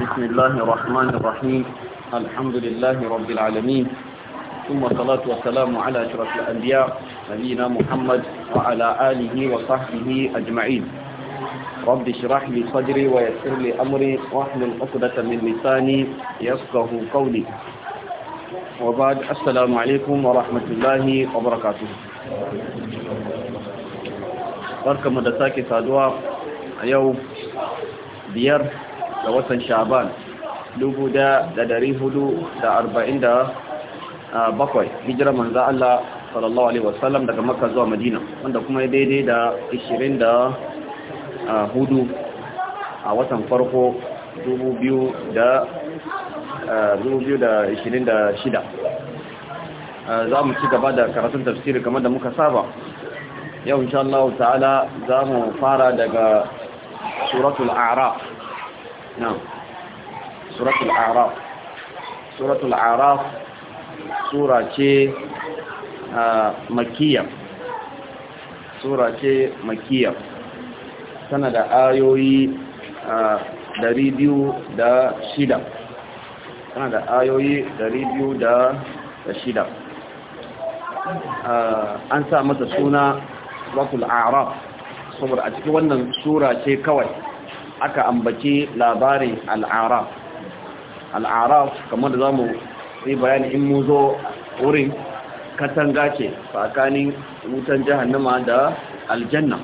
بسم الله الرحمن الرحيم الحمد لله رب العالمين ثم الصلاة والسلام على أشرف الأنبياء نبينا محمد وعلى آله وصحبه أجمعين رب اشرح لي صدري ويسر لي أمري واحلل عقدة من لساني يفقه قولي وبعد السلام عليكم ورحمة الله وبركاته بركة da سادوا saduwa biyar ga watan shaban dubu da dari hudu da arba'in da bakwai hijira manza Allah sallallahu alaihi wasallam daga maka zuwa madina wanda kuma ya daidai da ishirin da hudu a watan farko dubu biyu da ishirin da shida za mu ci gaba da karatun tafsiri kamar da muka saba yau insha Allah ta'ala za mu fara daga suratul araf na'am suratul araf suratul araf sura ce ah, ah, da ayoyi dari biyu da shida tana ah, da an sa mata suna suratul araf saboda a cikin wannan sura ce kawai aka ambaci labarin al'araf al'araf kamar da za mu yi bayani in mu zo wurin katanga ce tsakanin wutan jahannama da aljanna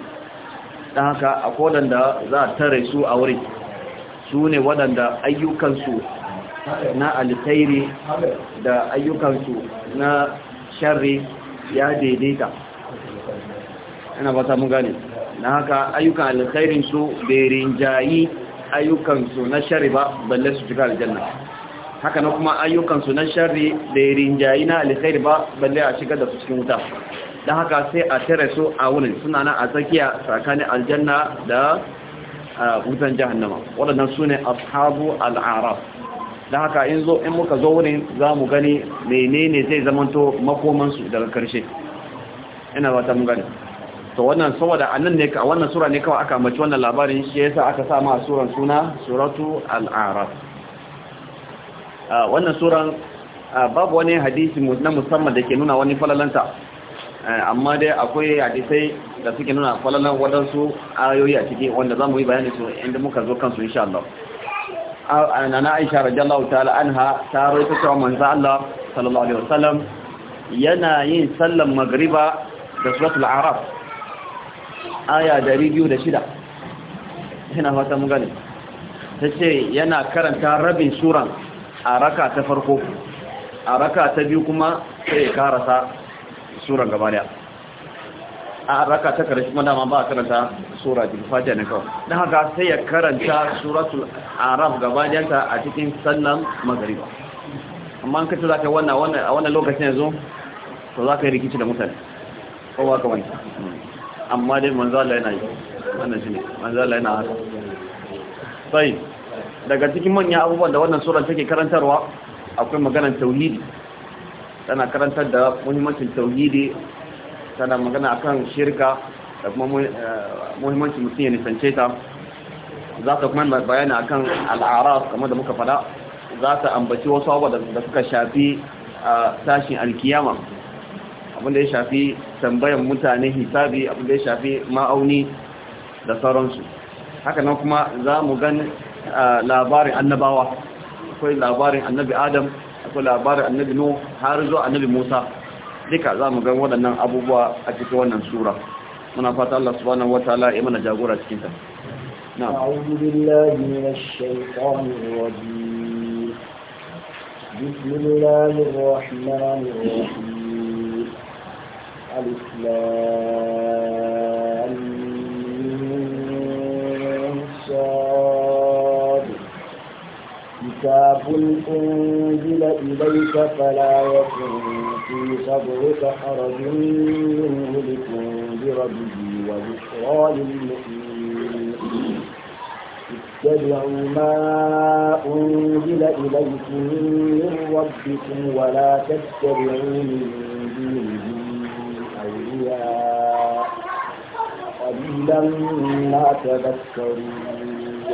Da haka a kodanda za a tare su a wurin su ne waɗanda ayyukansu na alkhairi da ayyukansu na sharri ya daidaita ina ba ta gane na haka ayyukan alkhairin su da rinjayi ayyukan su na shari ba balle su shiga aljanna haka na kuma ayyukan su na shari da rinjayi na alkhairi ba balle a shiga da su cikin wuta don haka sai a tare su a wurin suna na a tsakiya tsakanin aljanna da wutan jahannama waɗannan su ne ashabu al'araf don haka in in muka zo wurin za mu gani menene zai zamanto makomansu daga karshe ina ba ta mu gani to wannan saboda annan ne a wannan sura ne kawai aka mace wannan labarin shi yasa aka sa ma suran suna suratu al-a'raf wannan suran babu wani hadisi na musamman da ke nuna wani falalanta amma dai akwai hadisai da suke nuna falalan wadansu ayoyi a ciki wanda zamu yi bayani su inda muka zo kansu insha Allah ana Aisha radiyallahu ta'ala anha ta rawaito cewa manzo Allah sallallahu alaihi wasallam yana yin sallan magriba da suratul a'raf aya da shida, yana fata mun gani. ta ce yana karanta rabin suran a raka ta farko a raka ta biyu kuma sai ya karasa suran gaba daya a raka ta karshe kuma dama ba a karanta sura cikin fatiha ne kawai don haka sai ya karanta suratul araf gaba a cikin sannan magariba amma an kacce za ka wannan a wannan lokacin yanzu to za ka yi rikici da mutane ko ba ka wani amma dai Allah yana yi wannan shi ne Allah yana haka sai daga cikin manyan abubuwan da wannan sura take karantarwa akwai maganar tauhidi tana karantar da muhimmancin tauhidi tana magana akan shirka da kuma eh, muhimmancin mutum ya nisance ta za ta kuma bayani akan al'ara kamar da muka fada za ta ambaci wasu abubuwa da suka shafi eh, tashin alkiyama abinda ya shafi tambayan mutane hisabi abinda ya shafi ma'auni da sauransu hakanan kuma za mu gan labarin annabawa akwai labarin annabi adam akwai labarin annabi no har zuwa annabi musa duka za mu gan waɗannan abubuwa a cikin wannan sura muna fata Allah subhanahu wataala ya mana jagora cikin ta na'am a'udhu billahi minash shaitanir rajim bismillahir rahmanir rahim الإسلام صاد كتاب أنزل إليك فلا يكن في صدرك حرج منه لتنذر به وبشرى للمؤمنين اتبعوا ما أنزل إليكم من ربكم ولا تتبعوا من دونه قليلا ما تذكرون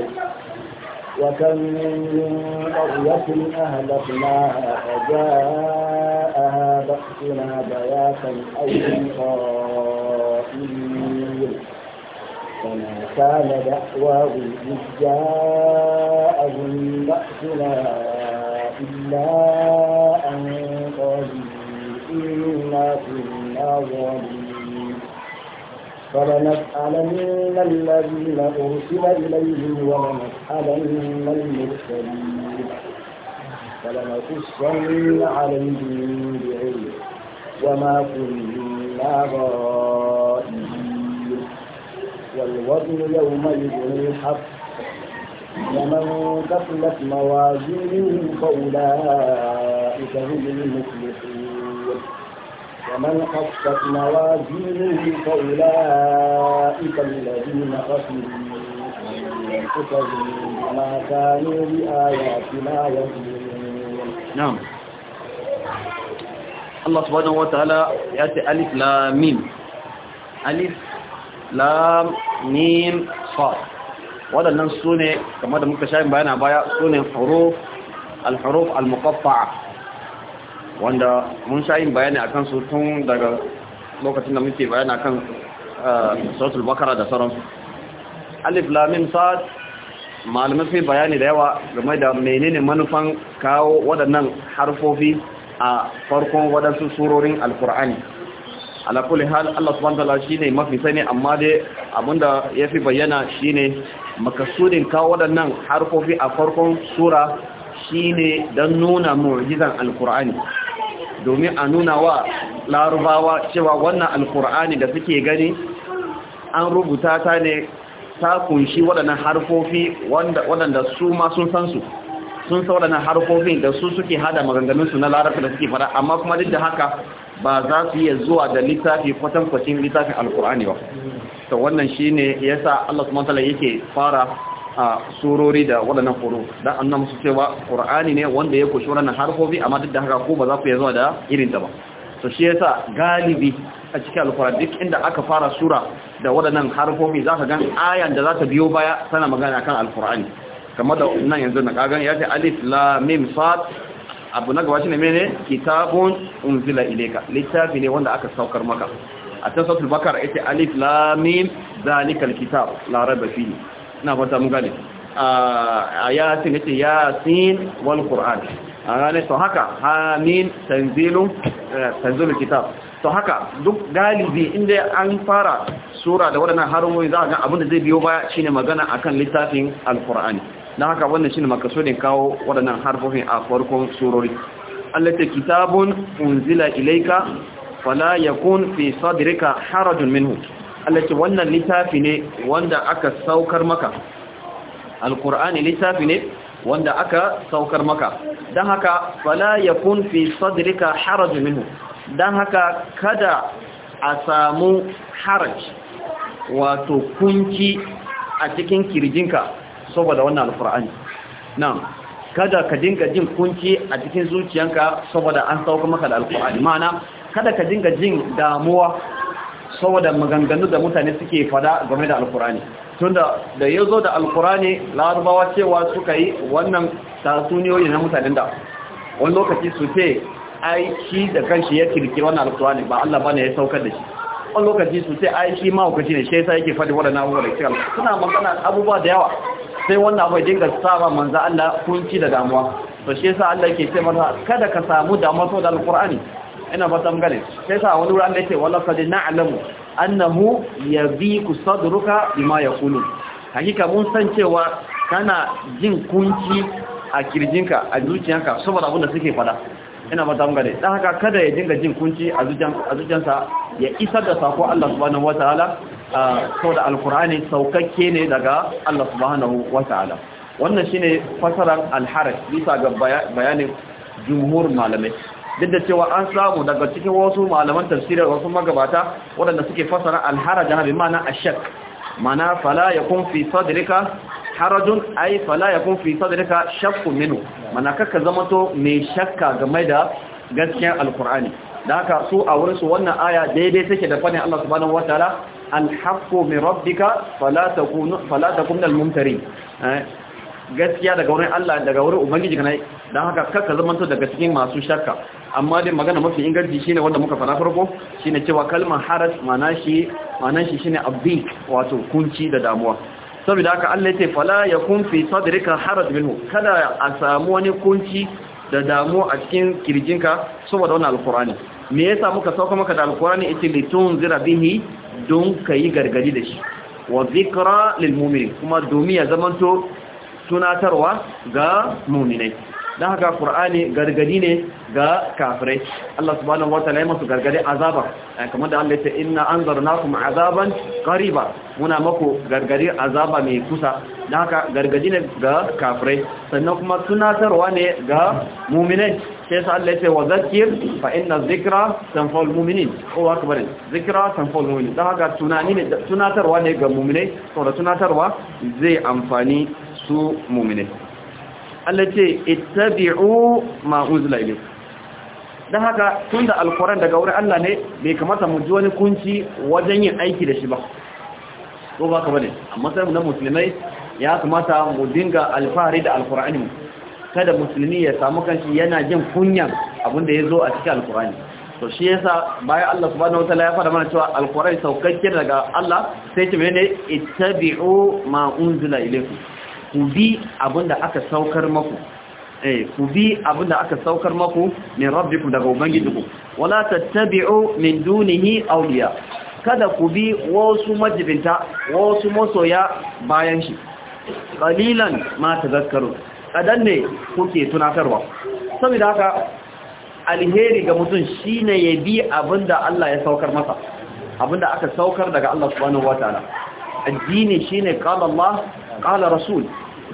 وكم من قرية أهلكناها فجاءها بأسنا بياتا أو قائلين فما كان دعواهم إذ جاءهم بأسنا إلا أن قالوا إنا كنا الأولين فلنسألن الذين أرسل إليهم ولنسألن المرسلين فلنقصن عليهم بعلم وما كنا غائبين والوزن يومئذ الحق ومن ثقلت موازينه فأولئك هم المفلحون من خفت موازينه فأولئك الذين خسروا أنفسهم بما كانوا بآياتنا يظلمون نعم الله سبحانه وتعالى يأتي ألف لا ميم ألف لا ميم صاد وهذا النص سوني كما da شايف sha bayana سوني الحروف الحروف المقطعة wanda mun sha yin bayani akan su tun daga lokacin da muke bayani akan eh, sautul bakara da sauran alif lamin sa'ad malamai sai bayani da yawa game da menene manufan kawo waɗannan harfofi a farkon waɗansu surorin alkur'ani alakuli hal Allah subhanahu shi ne mafi sani amma dai abinda fi bayyana shi shine makasudin kawo waɗannan harfofi a farkon sura shi ne don nuna mu'jizan alkur'ani domin a nuna wa larubawa cewa wannan alkur'ani da suke gani an rubuta ta ne ta kunshi waɗannan harfofi waɗanda su ma sun san su sun sa waɗannan harfofin da su suke hada maganganunsu na larabci da suke fara amma kuma duk da haka ba za su iya zuwa da littafi kwatankwacin littafin alkur'ani ba to wannan shine yasa Allah subhanahu wa yake fara a surori da waɗannan horo dan an nan musu cewa qur'ani ne wanda ya kushi wannan harfofi amma duk da haka ko ba za ku yazo da irin ta ba to shi yasa galibi a cikin alkur'an duk inda aka fara sura da waɗannan harfofi zaka gan ayan da za ta biyo baya tana magana kan alkur'ani kamar da nan yanzu na kagan ya ce alif la, mim fat. abu na gaba shine mene kitabun unzila Ileka. littafi ne wanda aka saukar maka a tasawuf bakar yace alif la, mim zalikal kitab la raiba fihi na fata mun gane a yasin yace yasin wal qur'an a gane to haka hamin tanzilun eh, kitab to haka duk galibi inda an fara sura da waɗannan harumai za a ga abinda zai biyo baya shine magana akan littafin alkur'ani Na haka wannan shine makasudin kawo waɗannan harfofin a farkon surori allata kitabun unzila ilaika fala yakun fi sadrika harajun minhu Allah wannan littafi ne wanda aka saukar maka alkur'ani littafi ne wanda aka saukar maka don haka fala ya kunfi sadrika haraj minhu don haka kada a samu haraj wato kunci a cikin kirjinka saboda wannan alkur'ani kada ka dinga jin kunci a cikin zuciyanka saboda an saukar maka da alkur'ani ma'ana kada ka dinga jin damuwa saboda maganganu da mutane suke fada game da alkurani tunda da ya zo da alkurani larabawa cewa suka yi wannan tatsuniyoyi na mutanen da wani lokaci su ce aiki da kanshi ya kirki wannan alkurani ba Allah bane ya saukar da shi wani lokaci su ce ma mahaukaci ne shi yasa yake fadi waɗannan abubuwa da cikin suna magana abubuwa da yawa sai wannan abu ya dinga saba manza Allah kunci da damuwa to shi yasa Allah yake ce mana kada ka samu damuwa saboda alkurani ina ba ta sai sa wani wurin da yake wala kad na'lamu annahu yabiku sadruka bima yaqulu hakika mun san cewa kana jin kunci a kirjinka a zuciyanka saboda abin da suke fada ina ba gane mgane dan haka kada ya dinga jin kunci a zuciyansa ya isar da sako Allah subhanahu wataala saboda alqur'ani saukakke ne daga Allah subhanahu wataala wannan shine fasaran alharaj bisa ga bayanin jumhur malamai duk da cewa an samu daga cikin wasu malaman tafsirar wasu magabata waɗanda suke fasara alharaja bi ma'ana ashak mana fala yakun fi sadrika harajun ay fala yakun fi sadrika shakkun minu. mana kaka zamanto mai shakka game da gaskiyar alqur'ani da haka su a wurin su wannan aya daidai take da fadin Allah subhanahu wataala alhaqqu min rabbika fala takun fala takun minal eh, gaskiya daga wurin Allah daga wurin ubangiji kana dan haka kaka zamanto daga cikin masu shakka amma dai magana mafi inganci shine wanda muka fara farko shine cewa kalmar haras ma'ana shi ma'anan shi shine abdik wato kunci da damuwa saboda haka Allah yace fala yakun fi sadrika haras minhu kada a samu wani kunci da damuwa a cikin kirjinka saboda wannan alqur'ani me yasa muka sauka maka da alqur'ani ita litun zira bihi don kai gargadi da shi wa zikra lilmu'minin kuma domin ya zamanto tunatarwa ga mu'minai don haka qur'ani gargadi ne ga kafirai Allah subhanahu wataala ya masu gargadi azaba eh, kamar da Allah ya ce na kuma azaban ƙariba, muna mako gargadi azaba mai kusa don haka gargadi ne ga kafirai sannan kuma tunatarwa ne ga mu'minai sai sa Allah ya ce wa zakir fa inna zikra tanfa'ul mu'minin ko akbar zikra tanfa'ul mu'minin don haka tunani ne tunatarwa ne ga mu'minai saboda tunatarwa zai amfani su mu'minai Allah ce ittabi'u ma uzla ilayk dan haka tunda alquran daga wurin Allah ne bai kamata mu ji wani kunci wajen yin aiki da shi ba ko ba ka bane amma sai mu na musulmai ya kamata mu dinga alfahari da alqur'ani kada musulmi ya samu kanshi yana jin kunyan abinda yazo a cikin alqur'ani to shi yasa bayan Allah subhanahu wataala ya fara mana cewa alqur'ani saukakke daga Allah sai ce mene ittabi'u ma unzila ilayk ku bi abinda aka saukar maku eh ku bi abinda aka saukar maku min rabbikum daga ubangijinku wala tattabi'u min dunihi awliya kada ku bi wasu majibinta wasu masoya bayan shi qalilan ma tadhakkaru kadan ne kuke tunatarwa saboda haka alheri ga mutum shine ya bi abinda Allah ya saukar masa abinda aka saukar daga Allah subhanahu wataala addini shine qala Allah qala rasul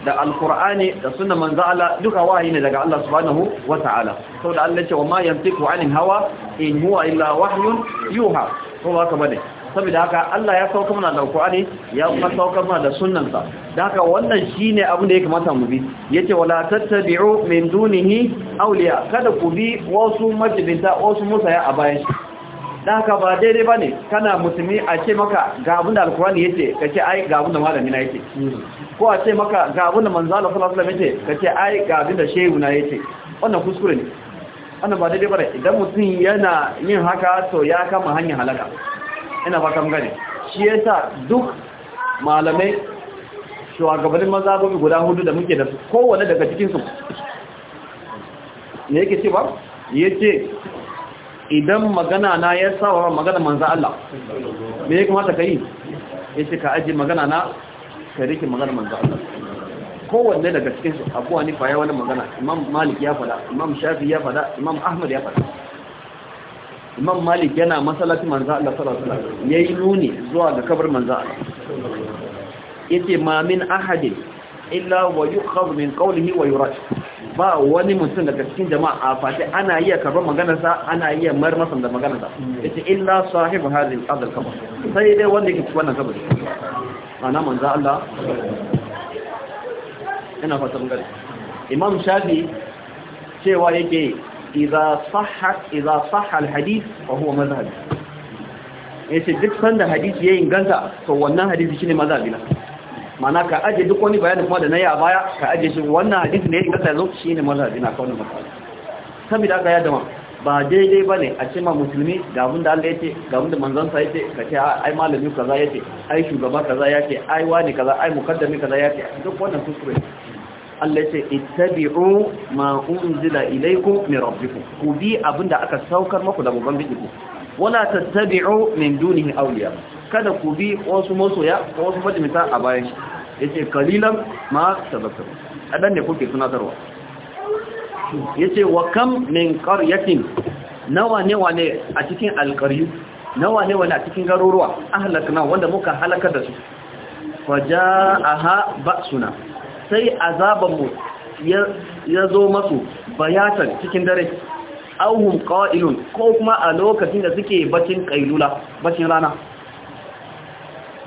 da alqur'ani da suna manzo Allah duka wahayi ne daga Allah subhanahu wataala saboda Allah ce wa ma yantiqu anil hawa in huwa illa wahyun yuha to haka bane saboda haka Allah ya sauka mana da alqur'ani ya kuma sauka mana da sunnan sa da haka wannan shine abin da ya kamata mu bi yace wala tattabi'u min dunihi awliya kada ku bi wasu majibinta wasu musaya a bayan shi da haka ba daidai ba ne kana musulmi a ce maka ga abin da alkuwani ya ce ka ce ai ga abin da malami na ya ce ko a ce maka ga abin da manzala kula ya ce ka ce ai ga abin da shehu na ya ce wannan kuskure ne wannan ba daidai ba ne idan mutum yana yin haka to ya kama hanyar halaka ina ba kam gane shi ya sa duk malamai shugabannin mazabobi guda hudu da muke da su kowane daga cikinsu ne yake ce ba yake idan magana na ya sawa magana manzan Allah me ya kamata Ya ce ka ajiye magana na ka rike magana manzan Allah kowanne daga cikin su Abu Hanifa ya wani magana Imam Malik ya fada Imam Shafi ya fada Imam Ahmad ya fada Imam Malik yana masallaci manzan Allah sallallahu alaihi wasallam yayi nuni zuwa ga kabar manzan Allah yace ma min ahadin illa wa yukhadh min qawlihi wa yurad ba wani mutum daga cikin jama'a a fati ana iya karban maganarsa ana iya mayar masa da maganarsa yace illa sahibu hadhihi al qabr sai dai wanda yake cikin wannan kabari ana manzo Allah ina fata mun gari imam shafi cewa yake idza sahha idza sahha al hadith fa huwa mazhab yace duk sanda hadisi yayin ganta to wannan hadisi shine mazhabi na mana ka aje duk wani bayani kuma da na yi a baya ka aje shi wannan hadisi ne ya yanzu shi ne mazhabi na kawai matsala saboda aka ya dama ba daidai ba ne a ce ma musulmi ga da Allah ya ce ga abin da manzansa ya ce ka ce ai malami kaza ya ce ai shugaba kaza ya ce ai wani kaza ai mukaddami kaza ya ce duk wannan kuskure Allah ya ce ittabi'u ma unzila ilaykum min rabbikum ku bi abinda aka saukar muku daga ubangijinku wala tattabi'u min dunihi awliya kada ku bi wasu masoya ko wasu majimita a bayan shi yace kalilan ma tazakkaru adan ne kuke tunatarwa yace wa kam min qaryatin nawa ne wane a cikin alqaryu nawa ne wane a cikin garuruwa ahlakna wanda muka halaka da su ba suna. sai azaban mu ya zo masu bayatan cikin dare auhum qa'ilun ko kuma a lokacin da suke bacin kailula bacin rana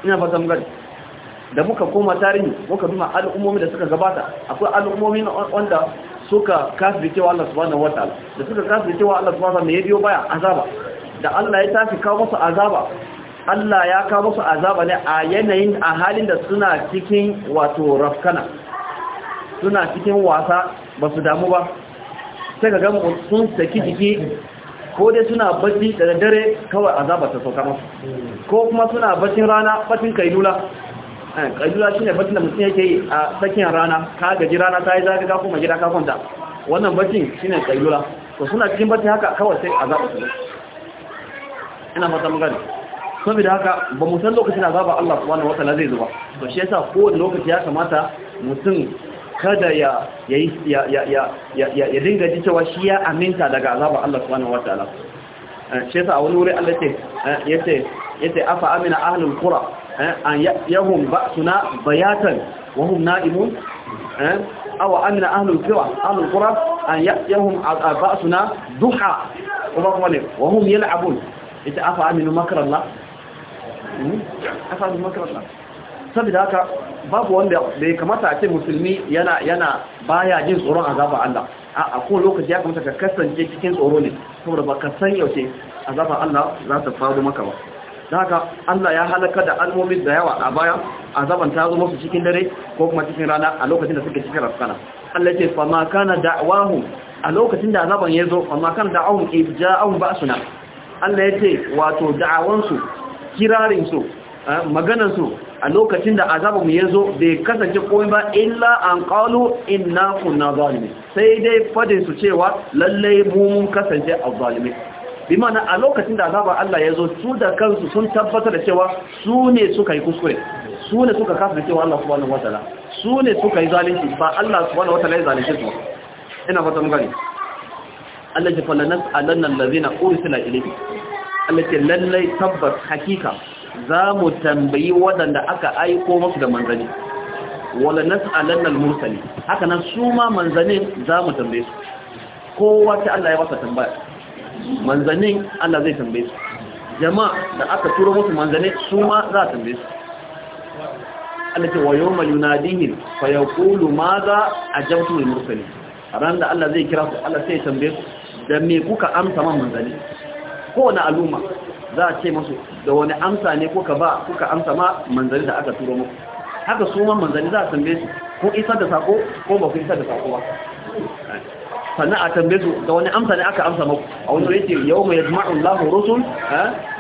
ina fata mun gani da muka koma tarihi muka duma al'ummomi da suka gabata akwai al'ummomi wanda suka kafiri cewa Allah subhanahu wataala da suka kafiri cewa Allah subhanahu wataala ya biyo baya azaba da Allah ya tafi kawo musu azaba Allah ya kawo musu azaba ne a yanayin a halin da suna cikin wato rafkana suna cikin wasa ba su damu ba sai ga gamu sun saki jiki ko dai suna bacci da dare kawai azaba ta sauka masu ko kuma suna baccin rana baccin kailula eh, kailula shine baccin da mutum yake yi a tsakiyar rana ka gaji rana ta yi zaga ka kuma gida ka kwanta wannan baccin shine kailula to suna cikin bacci haka kawai sai azaba ta ina fata mun gani saboda haka ba mu san lokacin azaba Allah subhanahu wataala zai zo ba to shi yasa ko lokaci ya kamata mutum kada ya ya dinga ji cewa shi ya aminta daga azabar Allah subhanahu wataala shi yasa wani wuri Allah ce yace yace afa amina ahlul qura an yahum ba'suna bayatan wa hum na'imun aw amina ahlul qura ahlul qura an yahum ba'suna duha wa hum yal'abun yace afa aminu makrallah afa aminu makrallah saboda haka babu wanda bai kamata a ce musulmi yana yana baya jin tsoron azaba Allah a ko lokaci ya kamata ka kasance cikin tsoro ne saboda ba ka san yaushe azaba Allah za ta faru maka ba don haka Allah ya halaka da almomi da yawa a baya azaban ta zo musu cikin dare ko kuma cikin rana a lokacin da suke cikin rafkana Allah ce fa ma kana da'awahum a lokacin da azaban ya zo fa ma kana da'awahum ija'ahum ba'suna Allah ya ce wato da'awansu kirarin su Eh, su a lokacin da azaba ya zo bai kasance komai ba illa an qalu inna kunna zalimi sai dai fadin su cewa lallai mu mun kasance a zalimi bi a lokacin da azaba Allah ya zo su da kansu sun tabbatar da cewa su ne suka yi kuskure su ne suka kasa cewa Allah subhanahu wataala su ne suka yi zalunci ba Allah subhanahu wataala ya zalunce su ina fata mun gani Allah ya fallana alanna allazina ursila ilayhi Allah ya lallai tabbas hakika za mu tambayi waɗanda aka aiko masu da manzani. wala nas'alan al-mursali haka nan su ma manzanin za mu tambaye su kowa ta Allah ya wasa tambaya manzanin Allah zai tambaye su jama'a da aka turo musu manzanin su ma za a tambaye su Allah ce wa yawma yunadihim fa yaqulu madha ajabtu al-mursali ran da Allah zai kira su Allah sai ya tambaye su da me kuka amsa man manzani kowane al'umma za a ce masu, da wani amsa ne kuka ba kuka amsa ma manzari da aka turo muku haka su ma manzari za a tambaye su ko isar da sako ko ba ku isar da sako ba sannan a tambaye su da wani amsa ne aka amsa muku a wani yake yau mai yajma'u Allahu rusul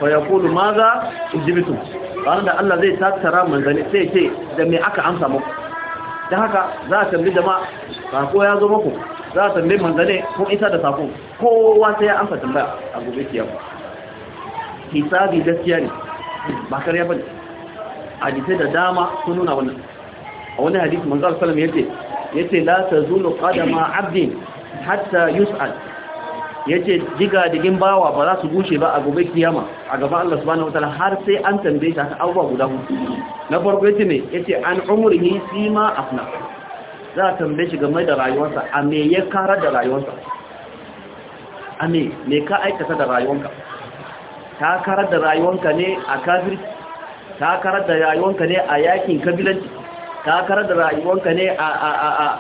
za yaqulu ji mutum ranar da Allah zai tattara manzari sai ce da me aka amsa muku Da haka za a tambaye jama'a sako ya zo muku za a tambaye manzari ko isar da sako kowa sai ya amsa tambaya a gobe kiyama hisabi gaskiya ne ba kariya bane hadisai da dama sun nuna wannan a wani hadisi manzal salam ya ce ya ce la tazulu qadama abdin hatta yus'al ce. diga digin bawa ba za su gushe ba a gobe kiyama a gaban Allah subhanahu ta'ala har sai an tambaye shi abubuwa guda hudu na farko yace ne ce an umrihi sima afna za a tambaye shi game da rayuwarsa a me ya karar da rayuwarsa a me me ka aikata da rayuwarka ta karar da rayuwanka ne a kafir? ta karar da rayuwanka ne a yakin kabilanci ta karar da rayuwanka ne a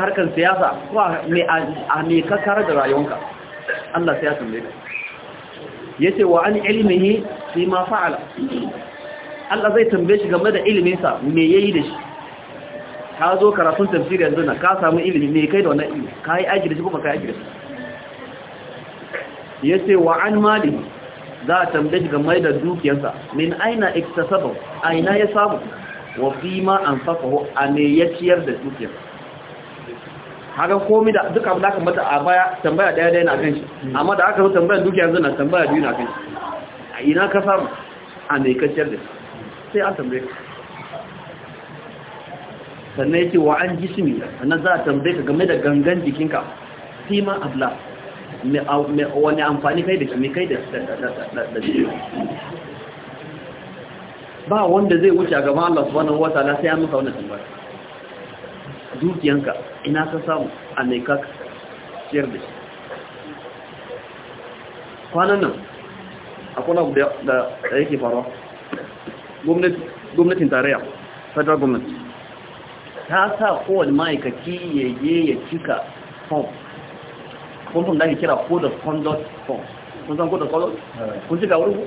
harkar siyasa ko a me ka karar da rayuwanka Allah sai ya ce ka yace wa an su yi ma ala Allah zai tambaye shi game da iliminsa me yayi da shi ka zo karatun tafsir yanzu na ka samu ilimi me kai da wannan ilimin ka aiki da shi kuma kai aiki da shi yace wa an mali za a tambaye game da dukiyarsa min aina iktasaba aina ya samu wa fi ma anfaqahu a me ya ciyar da dukiyar haka komai da duka abin da aka mata a baya tambaya daya daya na kan shi amma da aka zo tambayar dukiyar zuna tambaya biyu na kan shi a ina ka samu a me ka ciyar da sai an tambaye sannan ce wa an jismi sannan za a tambaye ka game da gangan jikinka fi ma abla wani amfani kai da shi kai da shi ba wanda zai wuce a gaban Allah subhanahu wa ta'ala sai ya musa wannan tambaya dukiyanka ina ka samu a mai ka ciyar da shi kwanan nan akwai abu da yake faruwa gwamnatin tarayya federal government ta sa kowane ma'aikaki ya je ya cika home kun da ake kira code of conduct form kun san code of conduct eh. kun ji ga wurin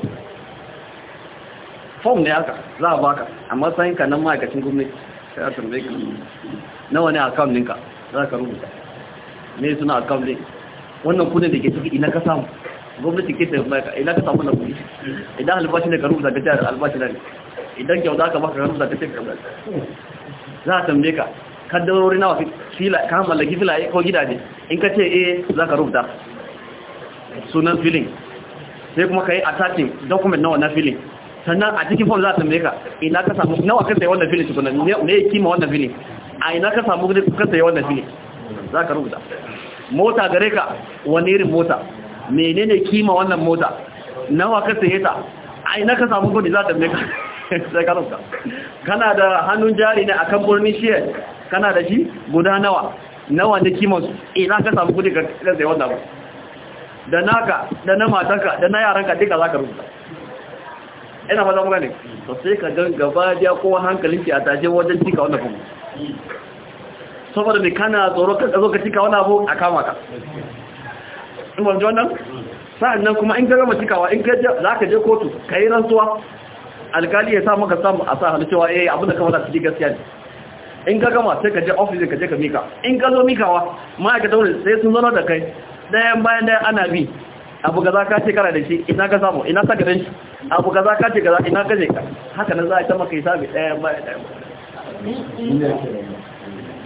form ne aka za a ka amma sai ka nan ma'aikacin gwamnati sai a tambaye ka nawa ne account ninka za ka rubuta me suna account din wannan kudin da ke ciki ina ka samu gwamnati ke ta maka ina ka samu na kudi idan albashi ne ka rubuta ga jihar albashi ne idan kyau za ka maka rubuta ka ce ka za a tambaye ka kaddarori nawa fila ka mallaki filaye ko gidaje in ka ce eh za ka rubuta sunan filin sai kuma ka yi attaching document nawa na filin sannan a cikin form za ta mai ka ina ka samu nawa ka sai wannan filin tukunan ne ya kima wannan filin a ina ka samu ka sai wannan filin za ka rubuta mota gare ka wani irin mota menene kima wannan mota nawa ka saye ta a ina ka samu kudi za ta mai ka sai ka rubuta kana da hannun jari ne akan birnin shiyar kana da shi guda nawa nawa ne kimos ina eh, ka samu kudi ka sai wannan ba da naka da na matanka da na yaranka duka za ka rubuta ina za mu ne to sai ka ga gaba da kowa ki a taje wajen cika wannan kuma saboda me kana tsoro ka zo ka tika wannan abu a kama ka in ban jona wannan nan kuma in ka gama cikawa in ka za ka je kotu ka yi rantsuwa alkali ya sa maka samu a sa hannu cewa eh abin da ka wata ciki gaskiya ne in ka gama sai ka je office ka je ka mika in ka zo mikawa ma'aikata wurin sai sun zo da kai dayan bayan dayan ana bi abu kaza ka ce kana da shi ina ka samu ina sa dan shi abu kaza ka ce kaza ina ka je ka haka nan za a ta kai hisabi daya bayan daya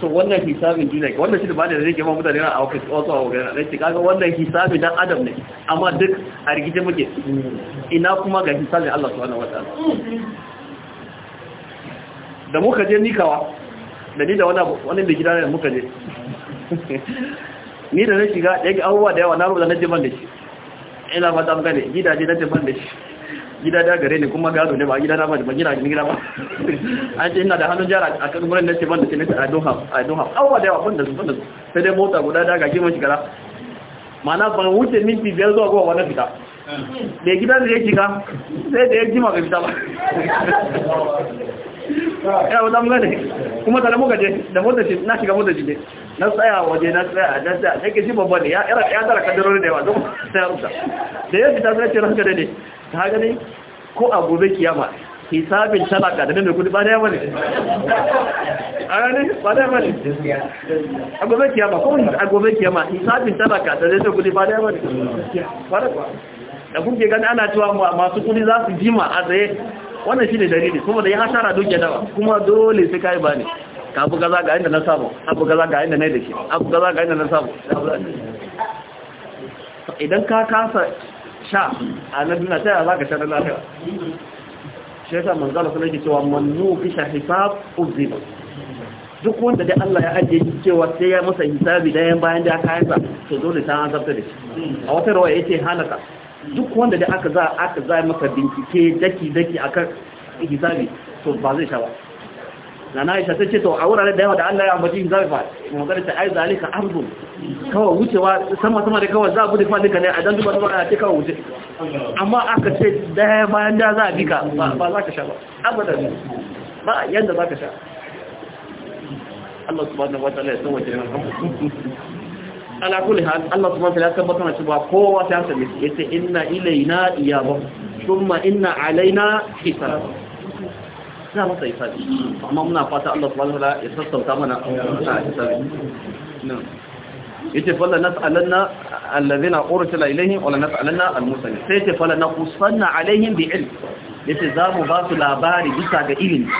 to wannan hisabin duniya wannan shi da ba da zai ke ma mutane na a office also a wajen da kaga wannan hisabi dan adam ne amma duk a rikice muke ina kuma ga hisabin Allah subhanahu wataala da muka je nikawa da ni da wani da gida ne muka je ni da na shiga ya ga abubuwa da yawa na rubuta na jiban da shi ina ba ta gane gidaje na jiban da shi gida da gare ne kuma gado ne ba gida na ba ba gina gina gida ba an ce ina da hannun jara a kan gurin da ce da ce ne a don ham a don ham da yawa banda su banda su sai dai mota guda da ga shiga shigara mana ban wuce minti biyar zuwa goma wani fita mai gidan da ya shiga sai da ya jima ga fita ba ya wata gane kuma tare muka je da motar shi na shiga motar shi ne na tsaya waje na tsaya na tsaya na ke shi babba ne ya tara kadarori da yawa don tsaya rusa da ya fita sai ce ranka da ne ta gani ko a gobe kiyama hisabin talaka da mai kudi ba yawa ne. a ranar ba yawa ne a gobe kiyama ko a gobe kiyama hisabin talaka da zai kudi ba da kwa da kuke gani ana cewa masu kudi za su jima a tsaye wannan shine dalili kuma da ya hasara duke dawa kuma dole sai kai bani ka buga kaza ga inda na samu abu kaza ga inda na da shi abu kaza ga inda na samu idan ka kasa sha a nan duniya sai za ka sha na lafiya shi yasa manzala sun yake cewa mannu fi shahifab uzina duk wanda dai Allah ya ajiye shi cewa sai ya masa hisabi da yan bayan da sa to dole ta an zabta da shi a wata rawaya yace halaka duk wanda da aka za aka za maka bincike daki daki akan hisabi to ba zai sha ba nana aisha ta ce to a wuraren da yawa da Allah ya ambaci hisabi fa magana ta ai zalika ardu kawai wucewa sama sama da kawai za a bude fadin ka ne a dan duba duba a ce kawai wuce amma aka ce daya bayan da za a bi ka ba za ka sha ba abadan ba yanda za ka sha Allah subhanahu wa ta'ala ya san wajen ala kulli hal Allah subhanahu wa ta'ala tabbata na cewa kowa ta san shi yace inna ilaina iyabah thumma inna alaina hisab za mu sai fadi amma muna fata Allah subhanahu wa ta'ala ya sassauta mana a hisabi na'am yace falla nas'alanna alladhina ursila ilayhim wala nas'alanna al-mursalin sai yace falla naqussanna alaihim bi yace za mu ba su labari bisa ga ilimi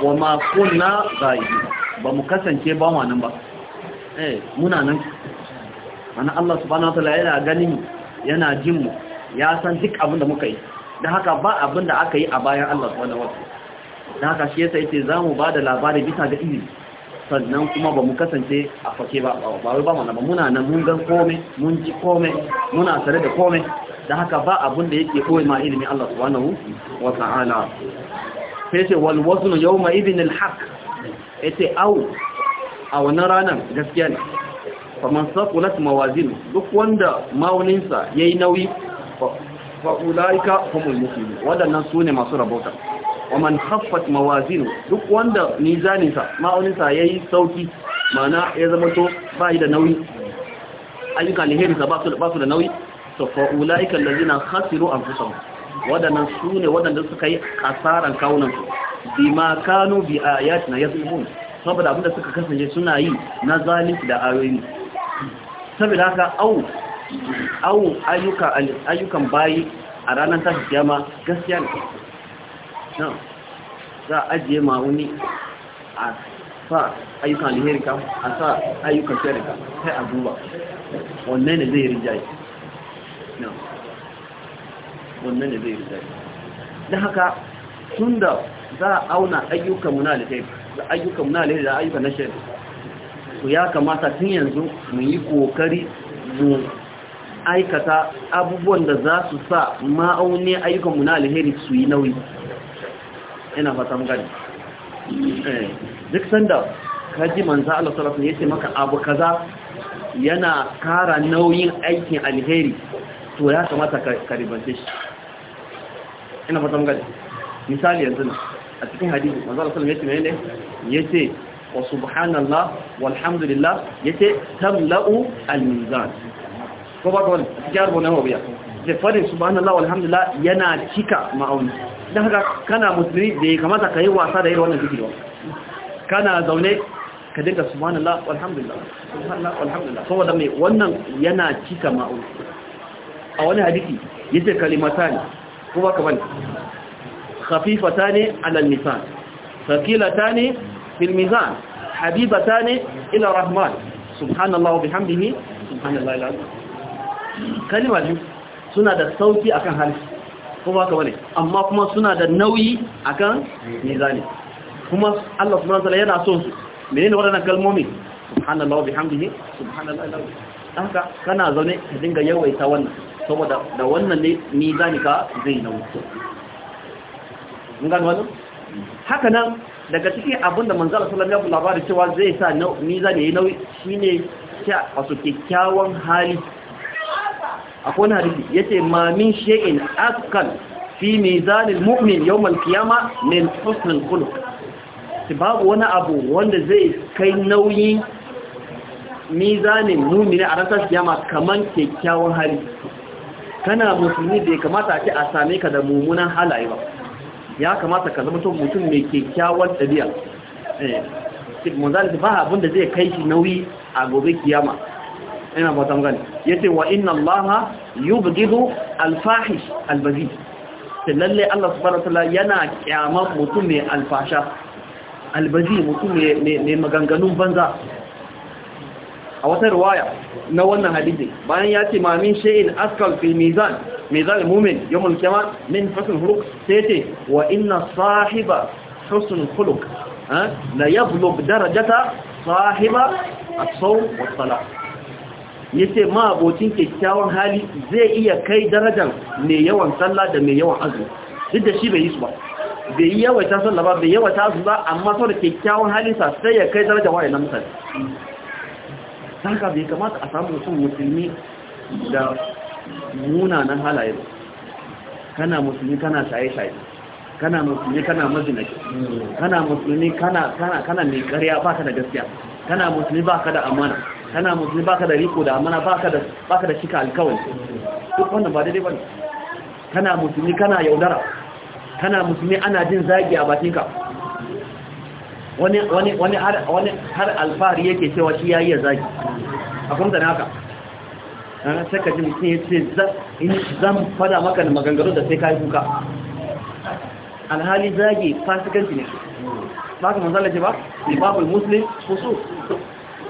wa ma kunna ghaibin ba mu kasance ba mu nan ba eh muna nan mana Allah subhanahu wataala yana ganin yana jin mu ya san duk abin da muka yi dan haka ba abin da aka yi a bayan Allah subhanahu wataala dan haka shi yasa yace zamu ba da labari bisa ga ilimi sannan kuma ba mu kasance a fake ba ba wai ba mana ba muna nan mun gan komai mun ji komai muna tare da komai dan haka ba abin da yake koyi ma ilimi Allah subhanahu wataala sai ce wal waznu yawma idhin al haqq yace au a wannan ranar gaskiya ne faman saqulat mawazinu duk wanda mauninsa yayi nauyi fa ulaika humul muflihun wadannan sune masu rabota waman khaffat mawazinu duk wanda mizaninsa mauninsa yayi sauki mana ya zama to bai da nauyi ayyuka alheri ba su ba su da nauyi to fa ulaika allazina khasiru anfusahum wadannan sune wadanda suka yi kasaran kawunansu bima kanu bi ayatina yasbun saboda abinda suka kasance suna yi na zalinsu da ayoyi saboda haka au au ayyukan bayi a ranar tashi kiyama gaskiya ne na za a ajiye ma wani a sa ayyukan ka? a sa ayyukan ka? sai a duba wannan ne zai rinjaye na wannan ne zai rinjaye don haka tun da za a auna ayyukan munalifai da ayyukan munalifai da ayyukan na sherinka to ya kamata tun yanzu mu yi kokari mu aikata abubuwan da za su sa ma'aunin ayyukanmu na alheri su yi nauyi ina fata mu gani eh, duk sanda ka ji manzo Allah sallallahu alaihi wasallam maka abu kaza yana kara nauyin aikin alheri to ya kamata ka shi ina fata mu gani misali yanzu a cikin hadisi manzo Allah sallallahu alaihi wasallam yace wa subhanallah walhamdulillah yace tamla'u al-mizan ko ba kawai jihar bonan wabiya da farin subhanallah walhamdulillah yana cika ma'auni don haka kana musulmi da ya kamata ka yi wasa da irin wannan zikiri ba kana zaune ka dinga subhanallah walhamdulillah subhanallah walhamdulillah saboda mai wannan yana cika ma'auni a wani hadisi yace kalimata ne ko ba ka bane khafifata ne alal nisan thaqilata ne fil mizan habibatani ila rahman subhanallah wa bihamdihi subhanallah ila kalima biyu da sauki akan halitta ko ba ka bane amma kuma suna da nauyi akan mizani kuma Allah subhanahu wa ta'ala yana son su menene wadannan kalmomi subhanallah haka kana zaune ka dinga yawaita wannan saboda da wannan ne mizani ka zai nauyi mun wannan haka nan daga cikin abin da manzala sallallahu alaihi labari cewa zai sa za ne nauyi shine su kyakkyawan hali akwai wani hadisi yace ma min shay'in askan fi mizanil mu'min yawm al-qiyama min husn al-khuluq babu wani abu wanda zai kai nauyi mizanin mu'mini a ranar kiyama kaman kyakkyawan hali kana musulmi bai kamata a ce a same ka da mummunan halaye ba ya kamata ka zama mutum mai kyakkyawan ɗabi'a manzalisi eh, ba abin da zai kai shi nauyi a gobe kiyama ina ba ta. gani yace wa inna allaha yubghidu alfahish albazi sai lalle Allah subhanahu ta'ala yana kyamar mutum mai alfasha albazi mutum mai maganganun banza a wata riwaya na wannan hadisi bayan ya ce ma min shay'in askal fil mizan mizan mu'min yawmul qiyamah min husn huluk, sai ce wa inna sahiba husn khuluq la yablug darajata sahiba as-sawm was-salah yace ma abocin kyakkyawan hali zai iya kai darajar mai yawan sallah da mai yawan azumi duk da shi bai yi su ba bai yi yawaita sallah ba bai yawaita azumi ba amma saboda kyakkyawan halinsa sai ya kai darajar wayannan mutane ka bai kamata a samu mutum musulmi da munanan halaye ba kana musulmi kana shaye-shaye kana musulmi kana mazinaki kana musulmi kana mai karya ba ka baka da gaskiya kana musulmi baka da amana kana musulmi baka da riko da amana baka da baka da shika alkawari duk wannan ba daidai bane kana musulmi kana yaudara kana musulmi ana jin zagi a bakinka wani har alfahari yake cewa shi yayi zagi akwai da naka ana ah, saka jin mutum yace ce zan fada maka da maganganu da sai yi kuka alhali zagi fasikanci ne ba ka manzala ce ba ibabul muslim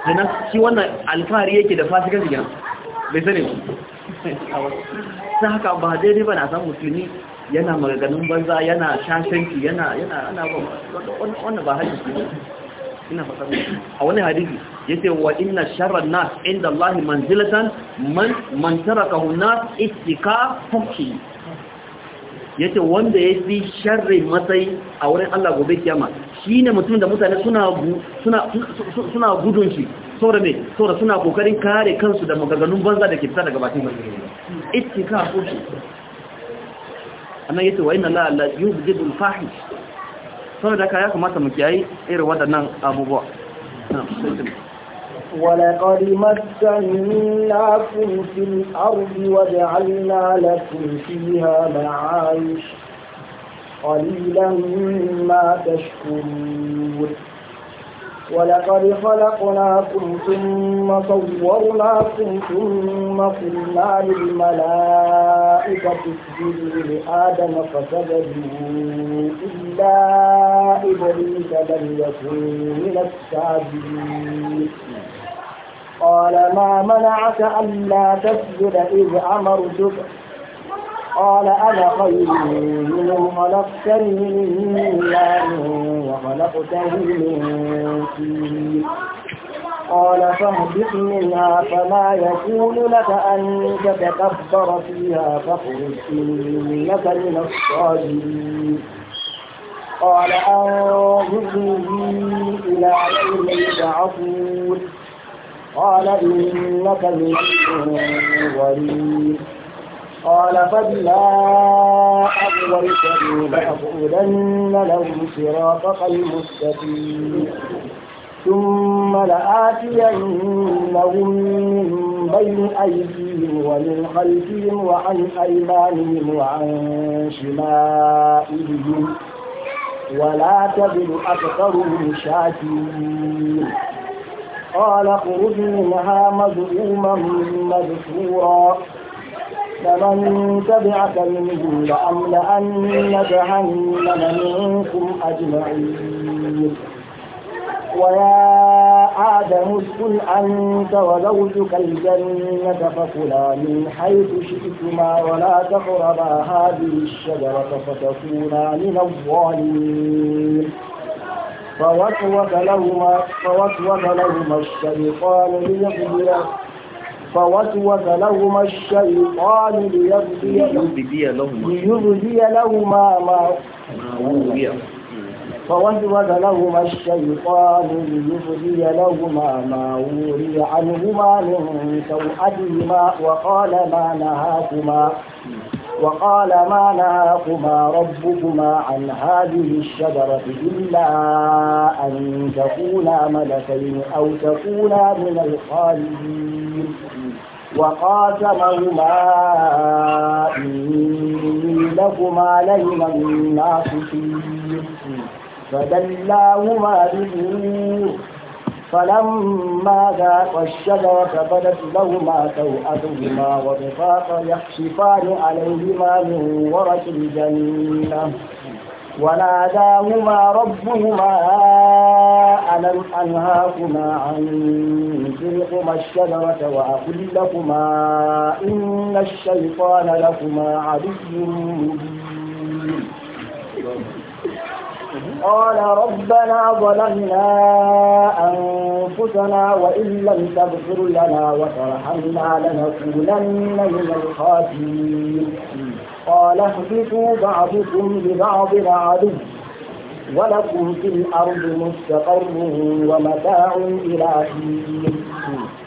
da na shi wannan alfahari yake da fasikanci gina bai sani ba sai haka ba daidai ba na san musulmi yana maganin banza yana shashanki yana yana ana ba wannan ba hadisi ne ina fata a wani hadisi yace wa inna sharran nas inda Allah manzilatan man man tarakahu nas ittika Ya yace wanda ya fi sharri matsayi a wurin Allah gobe kiyama shine mutum da mutane suna suna suna gudun shi saboda me saboda suna kokarin kare kansu da maganganun banza da ke fita daga bakin mutum ittika fuki annan yace wa inna allaha la yubghidu al-fahish saboda ka ya kamata mu kiyaye irin waɗannan abubuwa ولقد مكناكم في الأرض وجعلنا لكم فيها معايش قليلا ما تشكرون ولقد خلقناكم ثم صورناكم ثم قلنا للملائكة اسجدوا لآدم فسجدوا إلا إبليس لم يكن من الساجدين قال ما منعك ألا تسجد إذ أمرتك قال أنا خير من خلقتني من نار وخلقته من طين قال فاهبط منها فما يكون لك أن تتكبر فيها فاخرج إنك من الصاغرين قال أنظرني إلى يوم يبعثون قال إنك من المنظرين قال فبما أغويتني لأقعدن لهم صراطك المستقيم ثم لآتينهم من بين أيديهم ومن خلفهم وعن أيمانهم وعن شمائلهم ولا تجد أكثرهم شاكرين قال اخرج منها مذءوما مذكورا فمن تبعك منهم لأملأن جهنم منكم أجمعين ويا آدم اسكن أنت وزوجك الجنة فكلا من حيث شئتما ولا تقربا هذه الشجرة فتكونا من الظالمين فوسوس لهما فوسوس لهما الشيطان ليغفر فوسوس لهما الشيطان ليبدي لهما ليبدي لهما ما فوسوس لهما الشيطان ليبدي لهما ما وري عنهما من سوءتهما وقال ما نهاكما وقال ما نهاكما ربكما عن هذه الشجرة إلا أن تكونا ملكين أو تكونا من الخالدين وقاتمهما إني لهما لمن الناصحين فدلاهما بذنوب فلما ذاق الشجرة بدت لهما توأتهما وبطاقا يحشفان عليهما من ورث الجنة وناداهما ربهما ألم أنهاكما عن تلكما الشجرة وأقل لكما إن الشيطان لكما عدو مبين قال ربنا ظلمنا أنفسنا وإن لم تغفر لنا وترحمنا لنكونن من الخاسرين قال اهبطوا بعضكم لبعض عدو ولكم في الأرض مستقر ومتاع إلى حين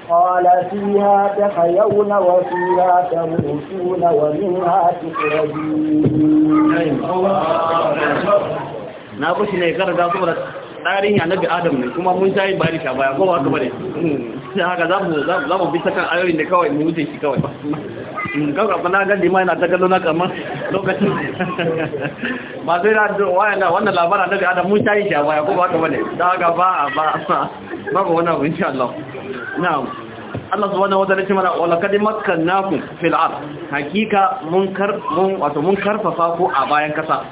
قال فيها تحيون وفيها تموتون ومنها تخرجون na kushi ne karanta saboda tarihin annabi adam ne kuma mun shayi bari sha baya kowa haka bane sai haka za mu bi ta kan ayoyin da kawai mu wuce shi kawai Mm, kawai abu na gandi ma yana ta kallo na kamar lokacin masu yana wayana wannan labaran daga adam mun shayi shi a baya ko ba ka bane da aka ba a ba ba ba wani abu insha Allah na'am Allah subhanahu wa ta'ala ce mana kadi kad na fil filar? hakika mun mun karfafa ku a bayan kasa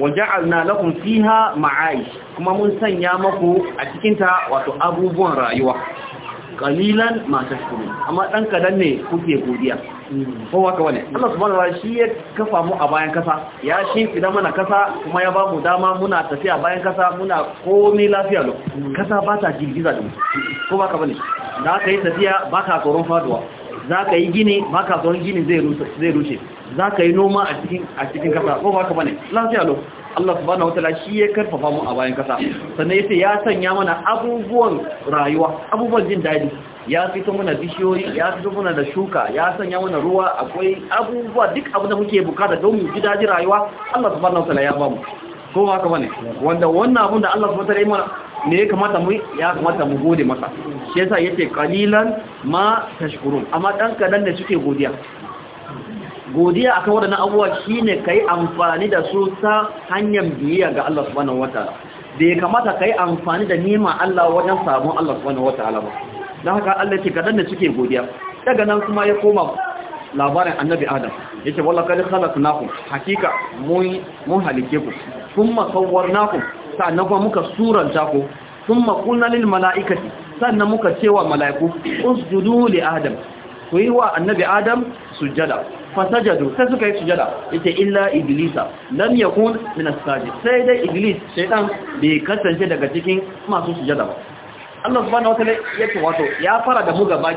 wa ja'alna lakum fiha ma'aish kuma mun sanya maku a cikinta wato abubuwan rayuwa qalilan masu tashkurun amma ɗan kadan ne kuke godiya ko ka wani Allah subhanahu wa shi ya kafa mu a bayan kasa ya shi idan mana kasa kuma ya ba mu dama muna tafiya bayan kasa muna komai lafiya lo kasa ba ta girgiza da mu ko ka bane za ka yi tafiya ba ka tsoron faduwa za ka yi gini ba ka tsoron gini zai rushe za ka yi noma a cikin kasa ko ba ka bane lafiya lo Allah subhanahu wataala shi ya karfafa mu a bayan kasa sannan yace ya sanya mana abubuwan rayuwa abubuwan jin daɗi ya fito mana bishiyoyi ya fito mana da shuka ya sanya mana ruwa akwai abubuwa duk abu da muke bukata don mu ji daji rayuwa Allah subhanahu wataala ya bamu ko haka bane wanda wannan abun da Allah subhanahu wataala ya mana ne ya kamata mu ya kamata mu gode masa shi yasa yace qalilan ma tashkurun amma dan kadan da suke godiya godiya akan wadannan abubuwa shine kai amfani da su ta hanyar biyayya ga Allah subhanahu ta'ala da ya kamata kai amfani da nima Allah wajen samun Allah subhanahu ta'ala ba don haka Allah ce kaɗan da suke godiya daga nan kuma ya koma labarin annabi adam ya ce wala kadi naku hakika mun halike ku sun makawar naku sannan kuma muka suranta ku Kuma makunan lil mala'ikati sannan muka cewa mala'iku usjudu li adam ku yi wa annabi adam sujada fasajadu sai suka yi sujada yake illa iblisa lam yakun min as-sajid sai dai iblis shaytan bai kasance daga cikin masu sujada ba Allah subhanahu wataala yace wato ya fara da mu gaba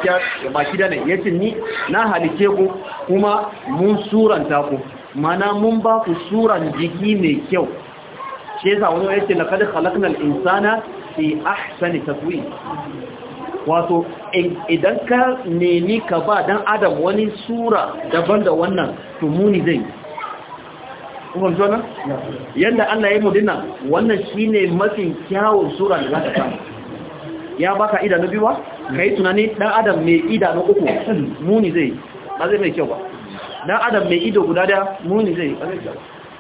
ki da ne yace ni na halice ku kuma mun suranta ku mana mun ba ku suran jiki mai kyau shi yasa wani yace laqad khalaqnal insana fi ahsani taswir wato idan ka nemi ka ba dan adam wani sura daban da wannan to muni zai kuma jona yanda Allah ya yi mu dinnan wannan shine mafi kyawun sura da za ka samu ya baka idanu biyu ba kai tunani dan adam mai idanu uku muni zai ba zai mai kyau ba dan adam mai ido guda daya muni zai ba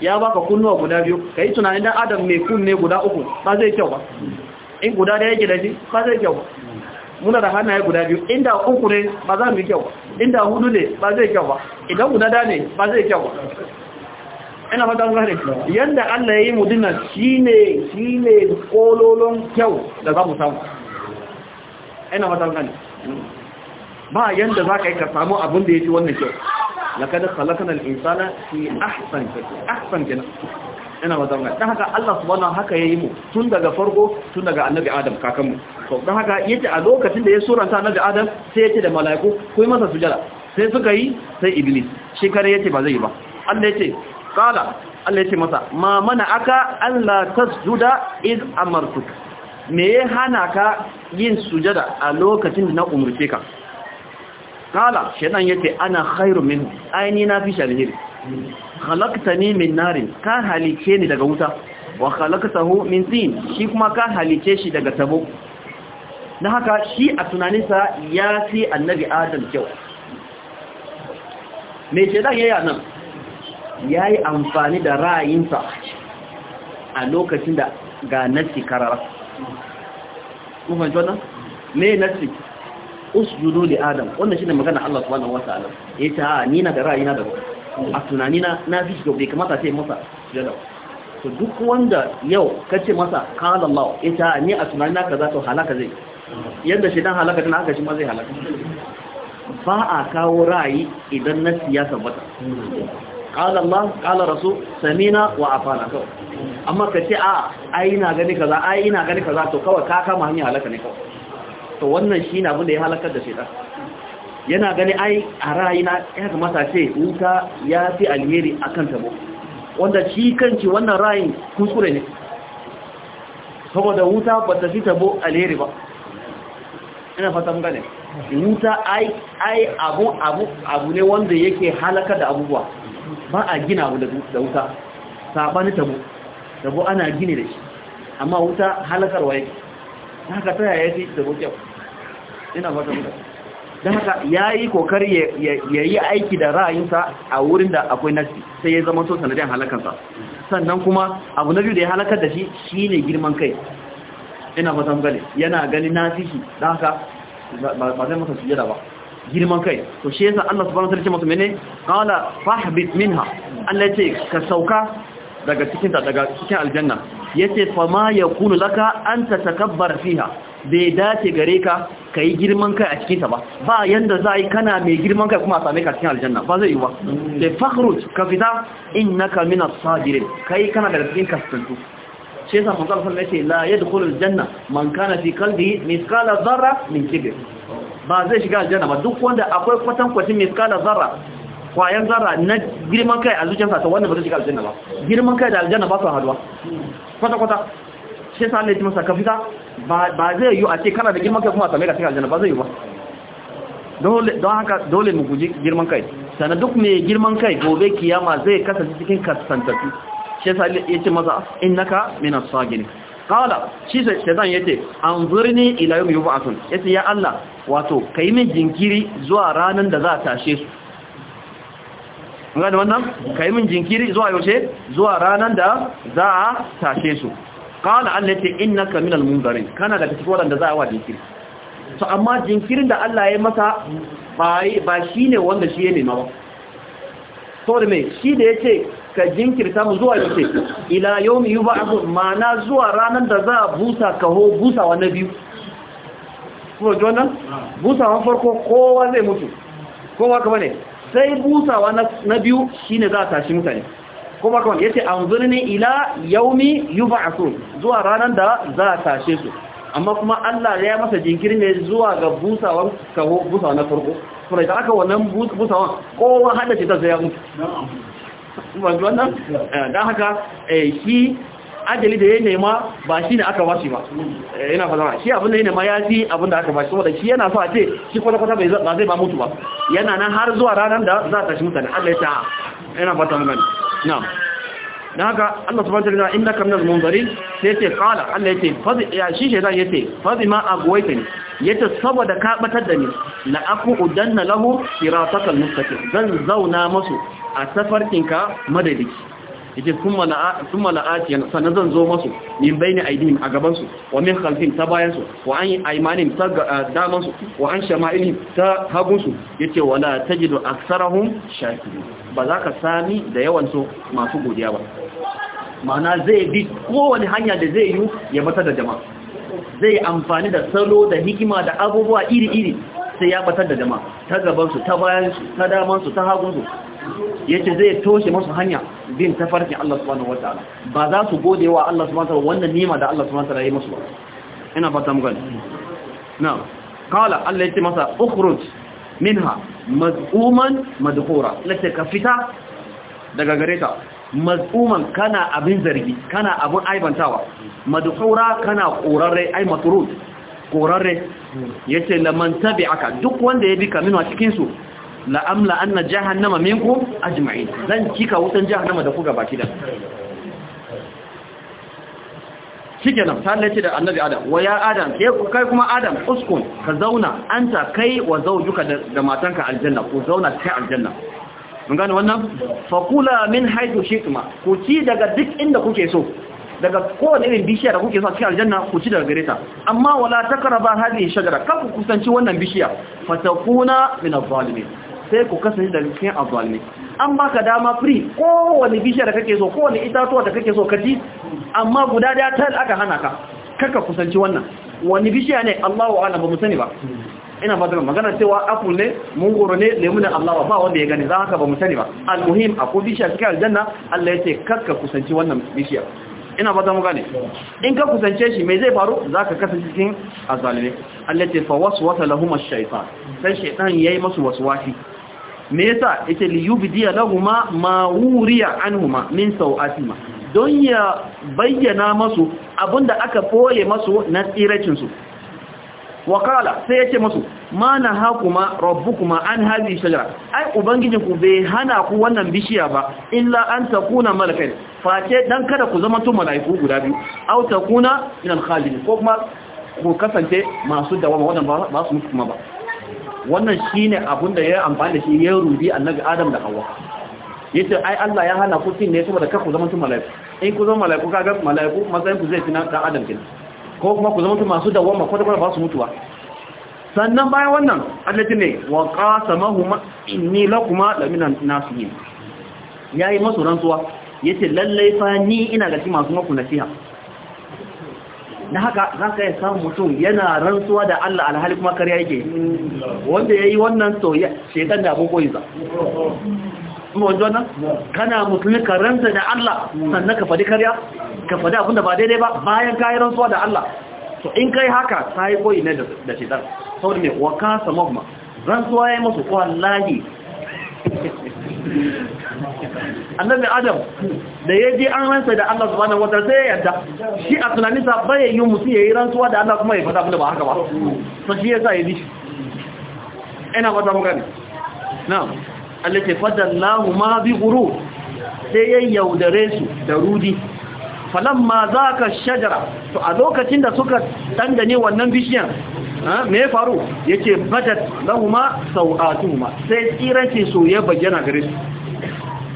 ya baka kunnuwa guda biyu kai tunani dan adam mai kunne guda uku ba zai kyau ba in guda daya yake da shi ba zai kyau ba muna da hannaye guda biyu inda uku ne ba za mu yi kyau ba inda hudu ne ba zai kyau ba idan guda da ne ba zai kyau ba ina fata gane yanda Allah ya yi mu dinnan shine shine kololon kyau da za mu samu ina matan gani ba yanda za ka yi ka samu abin da ya ci wannan kyau lakad khalaqna al-insana fi ahsan taqwim ahsan gina. ina matan gani dan haka Allah subhanahu haka yayi mu tun daga farko tun daga annabi Adam kakanmu to dan haka yace a lokacin da ya suranta annabi Adam sai yace da mala'iku ko yi masa sujada sai suka yi sai iblis shi kare yace ba zai yi ba Allah yace qala Allah yace masa ma mana aka an la tasjuda iz amartuka me ya hana ka yin sujada a lokacin da na umurce ka kala shaitan yace ana khairu min aini na fi shalhir khalaqtani min nari ka halice ni daga wuta wa khalaqtahu min tin shi kuma ka halice shi daga tabo na haka shi a tunaninsa ya fi annabi adam kyau mai shaitan yayi nan yayi amfani da ra'ayinsa a lokacin da ga nasi karara mun fahimci wannan me nasi usjudu li adam wannan shine magana Allah subhanahu ta'ala yace a ni na da ra'ayi na da a tunani na na fi shiga bai kamata sai masa sujada to duk wanda yau kace masa qala Allah yace a ni a tunani na kaza to halaka zai yanda dan halaka dan haka shi ma zai halaka ba a kawo ra'ayi idan na siyasa bata. qala Allah qala rasul samina wa afana kawai amma ka ce a ai gani kaza ai ina gani kaza to kawai ka kama hanyar halaka ne kawai to wannan shi na abinda ya halakar da shaitan yana gani ai a ra'ayina ya kamata ce wuta ya fi alheri akan tabo wanda shi kanci wannan ra'ayin kuskure ne saboda wuta ba ta fi tabo alheri ba ina fata mun gane wuta ai abu abu abu ne wanda yake halaka da abubuwa ba a gina abu da wuta saɓani tabo tabo ana gini da shi amma wuta halakarwa yake ta haka ta yaya ce tabo kyau ina fata wuta don haka ya yi kokari ya yi aiki da ra'ayinsa a wurin da akwai nasi sai ya zama so sanadin halakarsa sannan kuma abu na biyu da ya halakar da shi shi ne girman kai ina fata wuta yana gani nasi shi don haka ba zai masa yada ba girman kai to shi yasa Allah subhanahu wataala ya ce masa mene qala fahbit minha Allah ce ka sauka daga cikin ta daga cikin aljanna yace fa ma yakunu laka an tatakabbar fiha bai dace gare ka kai girman kai a cikin ta ba ba yanda zai kana mai girman kai kuma a same ka cikin aljanna ba zai yi ba sai fakhruj ka fita innaka min as kai kana daga cikin kaskantu shi yasa manzo Allah ya ce la yadkhulul janna man kana fi qalbihi mithqala dharra min kibr ba zai shiga aljanna ba duk wanda akwai kwatan kwatin miskala zarra kwayan zarra na girman kai a zuciyarsa to wanda ba zai shiga aljanna ba girman kai da aljanna ba su haduwa kwata kwata shi sa Allah ya masa ka fita ba zai yi a ce kana da girman kai kuma a ka cikin aljanna ba zai yi ba dole don haka dole mu guji girman kai sana duk mai girman kai gobe kiyama zai kasance cikin kasantatu shi sa Allah ya ce masa innaka minas sagirin kala shi shaitan yace zurni ila yawmi yub'athun yace ya Allah wato kai min jinkiri zuwa ranan da za a tashe su gani wannan kai min jinkiri zuwa yaushe zuwa ranan da za a tashe su kala Allah yace innaka minal munzarin kana daga cikin wadanda za a wa jinkiri to amma jinkirin da Allah ya masa ba shine wanda shi ya nema ba saboda me shi da yace ka jinkirta mu zuwa yace ila yawmi yub'ath ma'ana zuwa ranar da za a busa kaho busawa na biyu kuma jona busawa farko kowa zai mutu kowa kuma ne sai busawa na biyu shine za a tashi mutane kuma kuma yace anzurni ila yawmi yub'ath zuwa ranar da za a tashe su amma kuma Allah ya masa jinkiri ne zuwa ga busawan kaho busawa na farko kuma da aka wannan busawan kowa hada ce ta sai ya mutu masu wannan eh, don haka eh, shi ajali da ya nema ba shi ne aka bashi ba yana eh, fasara shi abin da ya nema ya fi abin da aka bashi saboda shi yana so a ce shi kwata-kwata ba zai ba mutu ba yana nan har zuwa ranar da za ta shi mutane allai ta yana fata mutane na Da haka Allah subhanahu wa ta'ala innaka minal munzirin sai ce qala Allah yace fadi ya shi shedan yace fadi ma agwaitani yace saboda ka batar da ni la aku udanna lahu siratakal mustaqim zan zauna musu a safarkinka madadiki yake sun mala'atiyan sannan zan zo masu min bayni aidin a gabansu wa min khalfin ta bayansu wa an aimanin ta eh, damansu wa an shama'ilin ta hagunsu yace wala tajidu aksarahum shakirin ba za ka sami da yawansu masu godiya ba Mana zai bi kowane hanya da zai yi ya bata da jama'a zai amfani da salo da hikima da abubuwa iri-iri sai ya batar da jama'a ta gabansu ta bayansu ta damansu ta hagunsu yace zai toshe musu hanya bin tafarki Allah subhanahu wataala ba za su gode wa Allah subhanahu wataala wannan nima da Allah subhanahu wataala ya yi musu ba ina fata mu gani na'am qala Allah yace masa ukhruj minha maz'uman madhura lace ka fita daga gare gareta maz'uman kana abin zargi kana abin aibantawa madhura kana qorarre ai matrud qorarre yace laman tabi'aka duk wanda ya bi ka a cikin su la amla anna jahannama minkum ajma'in zan kika wutan jahannama da ku gaba ki da shikenan ta lace da annabi adam wa ya adam kai kuma adam uskun ka zauna anta kai wa zawjuka da matanka aljanna ku zauna kai aljanna mun gane wannan fa kula min haythu shi'tuma ku ci daga duk inda kuke so daga kowane irin bishiya da kuke so a cikin aljanna ku ci daga gare ta amma wala takraba hadhihi shajara ku kusanci wannan bishiya fatakuna min adh-dhalimin sai ku kasance da cikin azzalimi an baka dama free kowane bishiya da kake so kowane itatuwa da kake so ka ci amma guda daya tal aka hana ka kaka kusanci wannan wani bishiya ne Allahu a'lam ba mu sani ba ina fatan magana cewa apple ne mungoro ne lemu ne Allah ba wanda ya gani za haka ba mu sani ba almuhim akwai bishiya cikin aljanna Allah ya ce kaka kusanci wannan bishiya ina fata mu gane in ka kusance shi me zai faru zaka kasance cikin azalime allati fawaswasa lahum ash-shaytan sai shaytan yayi masu waswasi me yasa yace li yubdiya lahumma ma wuriya anhuma min sawatihima don ya bayyana masu abinda aka boye masu na tsiracin su wakala sai yace masu ma nahakuma rabbukuma an hadhihi shajara ai ubangijin ku bai hana ku wannan bishiya ba illa an takuna malakai face dan kada ku zama to malaiku guda biyu aw takuna min al ko kuma ku kasance masu dawama wannan ba su mutu ba wannan shine abun da ya amfani da shi ya rubi annabi adam da hawa yace ai Allah ya hana ku cin ne saboda kar ku zama tun malaiku in ku zama malaiku kaga malaiku matsayin ku zai fi dan adam kin ko kuma ku zama tun masu dawama ko da ba su mutuwa sannan bayan wannan allati ne wa qasamahuma inni lakuma laminan nasihin yayi masu rantsuwa yace lallai fa ni ina ga masu maku nasiha na haka za ka yi samun mutum yana rantsuwa da Allah alhali kuma karya yake wanda ya yi wannan to shekan da abubuwa yi za kana musulmi ka rantsa da Allah sannan ka faɗi karya ka faɗi abinda ba daidai ba bayan ka yi rantsuwa da Allah to in kai haka ta yi koyi ne da shekan saboda wa ka samar ma rantsuwa ya yi masu kwallahi annabi adam da ya je an ransa da Allah subhanahu wataala sai ya yadda shi a tunanin sa bai yi ya yi rantsuwa da Allah kuma ya fada abin ba haka ba so shi yasa ya dishi ina fata muka ne na? Allah ke Allah ma bi guru sai ya yaudare su da rudi Falan ma za ka shajara to a lokacin da suka dandane wannan bishiyan me ya faru yace a tu ma. sai tsirace su ya bayyana gare su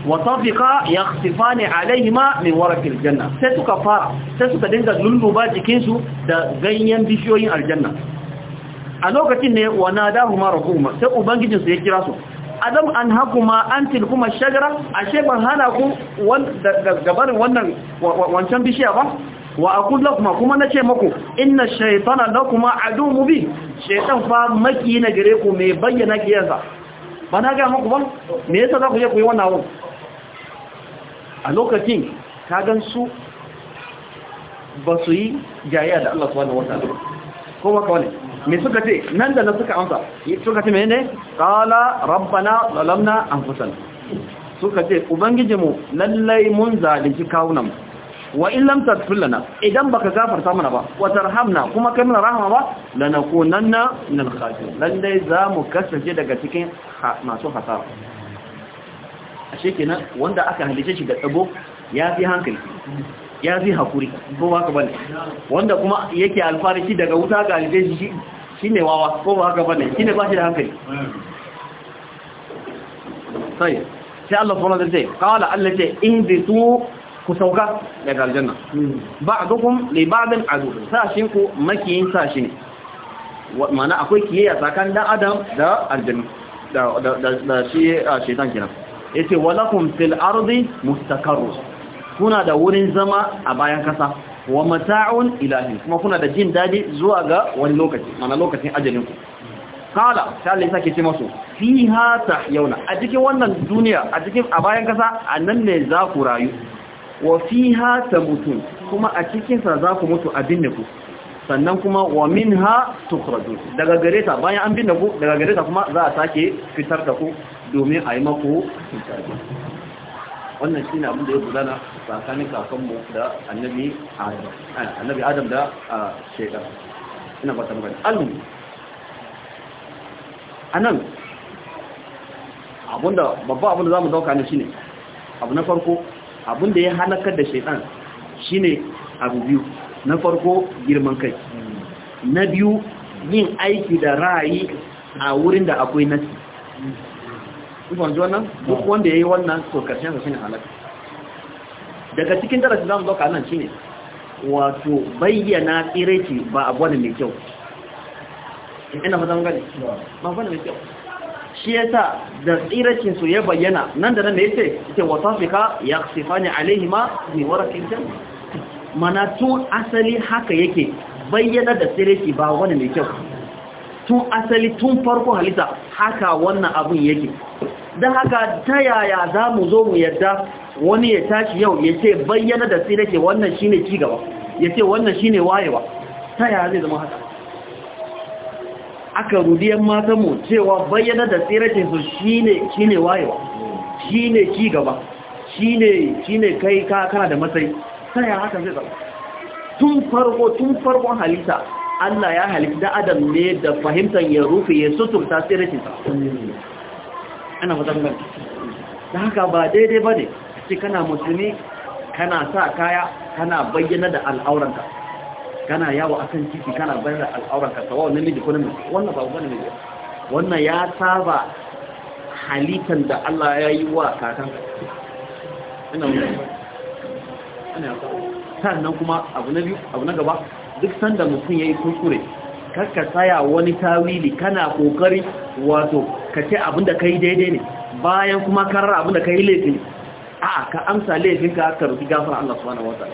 wa a yakhsifani alaihima mai warakil janna sai suka fara sai suka dinga lulluba jikinsu da ganyen bishiyoyin aljanna a lokacin ne wa nadahuma rabbuhuma sai ubangijinsu ya kira su adam an hakuma an kuma Shagara, ashe ban hana ku gabarin wannan wancan bishiya ba wa Akun lakum kuma na nace muku inna shaitana lakum adu bi? shaitan fa maki na gare ku mai bayyana kiyarsa ba na ga maku ba me yasa za ku je ku yi wannan abu a lokacin ka gan su ba su yi jayayya da Allah subhanahu wata ko ba wani? me suka ce nan da na suka amsa suka ce menene qala rabbana zalamna anfusana suka ce ubangijinmu lallai mun zalunci kawunan wa in lam taghfir lana idan baka gafarta mana ba wa tarhamna kuma kai mana rahama ba lanakunanna min al-khasirin lallai za mu kasance daga cikin masu hasara a shekina wanda aka halice shi da tsabo ya fi hankali ya fi hakuri ko ba haka bane wanda kuma yake alfarishi daga wuta ga alfarishi shi ne wawa ko ba haka bane shine ba shi da hankali sai sai Allah kuma zai ce in bi ihbitu ku sauka daga aljanna Ba a dukkan ba'din adu sashin ku makiyin sashi ne Mana akwai kiyayya tsakan dan adam da aljanna da da da shi shetan ce, yace kun fil ardi mustaqarrun kuna da wurin zama a bayan kasa wa mata'un ilahi kuma kuna da jin dadi zuwa ga wani lokaci mana lokacin ajalin ku kala ta yake ce musu fiha yauna. a cikin wannan duniya a cikin a bayan kasa annan ne za ku rayu wa fiha tamutun kuma a cikin sa za ku mutu a binne ku sannan kuma wa minha tukhrajun daga gare ta bayan an binne ku daga gare ta kuma za a sake fitar da ku domin a yi maku hisabi wannan shi ne abin da ya gudana tsakanin kakanmu da annabi adam annabi adam da shekar ina ba ta magana a nan abinda babba abinda za mu dauka ne ne abu na farko abinda ya halakar da shi ne abu biyu na farko girman kai na biyu yin aiki da ra'ayi a wurin da akwai nasi kuma wannan duk wanda ya yi wannan to karshen sa shine halaka daga cikin darasin zamu dauka nan shine wato bayyana tsireci ba abu ne mai kyau ina fata mun gani ba abu ne mai kyau shi yasa da tsirecin su ya bayyana nan da nan ne yace yace wa tafika yaqsifani alaihima min warakin jam mana tun asali haka yake bayyana da tsireci ba wani mai kyau tun asali tun farko halitta haka wannan abun yake don haka ta yaya za mu zo mu yadda wani ya tashi yau ya ce bayyana da sai nake wannan shine cigaba ya ce wannan shine wayewa ta yaya zai zama haka aka rudiyan matanmu cewa bayyana da tsirakinsu shi ne wayewa shi ne cigaba shi ne kai kana da matsayi ta yaya haka zai zama tun farko tun farkon halitta Allah ya halitta adam ne da fahimtar ya rufe ya suturta tsirakinsa ana mazangan da haka ba daidai ba ne ce kana musulmi kana sa kaya kana bayyana da al'auranka kana yawo a kan ciki kana bayyana da al'auranka ta wawan namiji ko namiji wannan ba wani namiji wannan ya saba halittar da Allah ya yi wa kakan ina wani ina sannan kuma abu na biyu abu na gaba duk sanda mutum ya yi kuskure karka saya wani tawili kana kokari wato ka ce abin da ka yi daidai ne bayan kuma karar abin da ka yi laifin a ka amsa laifin ka ka rufi gafar Allah su wa wata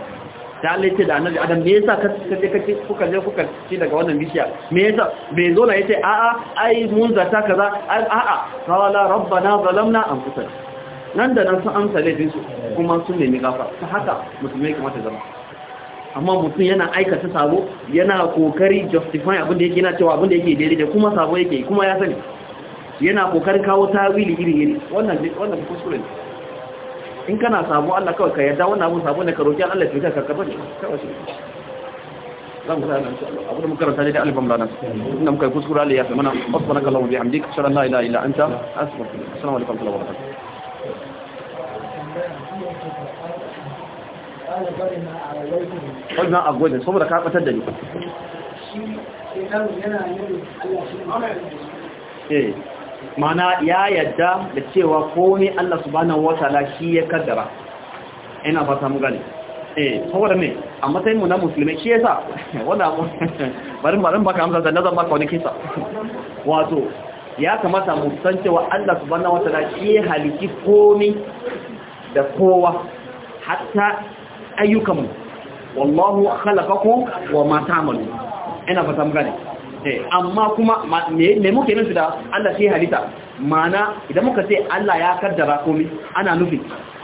ta laifi da annabi adam me yasa ka ka ce kuka je kuka ce daga wannan bishiya me yasa me zo na yace a a ai mun zata kaza a a qala rabbana zalamna anfusana nan da nan sun amsa laifin su kuma sun nemi gafara ta haka musulmai kamata zama amma mutum yana aikata sabo yana kokari justify abin da yake yana cewa abin da yake daidai kuma sabo yake kuma ya sani yana kokarin kawo tawili iri iri wannan wannan kuskure ne in kana sabo Allah kawai ka yarda wannan abun sabo ne ka roki Allah ya ka karba ne kawai shi zamu sa nan abu da mukaranta ne da alifam lana inda muka kuskura Allah ya fi mana subhanaka allahumma bihamdik shalla la ilaha illa anta astaghfiruka assalamu alaikum wa rahmatullahi wannan a gwajin saboda ka batar da ni eh mana ya yadda da cewa komai Allah subhanahu ta'ala shi ya kaddara ina ba samu gani eh saboda me a matsayin mu na musulmai shi yasa wanda bari bari baka amsa da nazar baka wani kisa wato ya kamata mu san cewa Allah subhanahu ta'ala shi ya halici komai da kowa hatta ayyukanmu wallahu khalaqakum wa ma ta'malun ina ba samu gani Eh, amma kuma me muke nufi da Allah shi halitta mana idan muka ce Allah ya kaddara komai ana nufi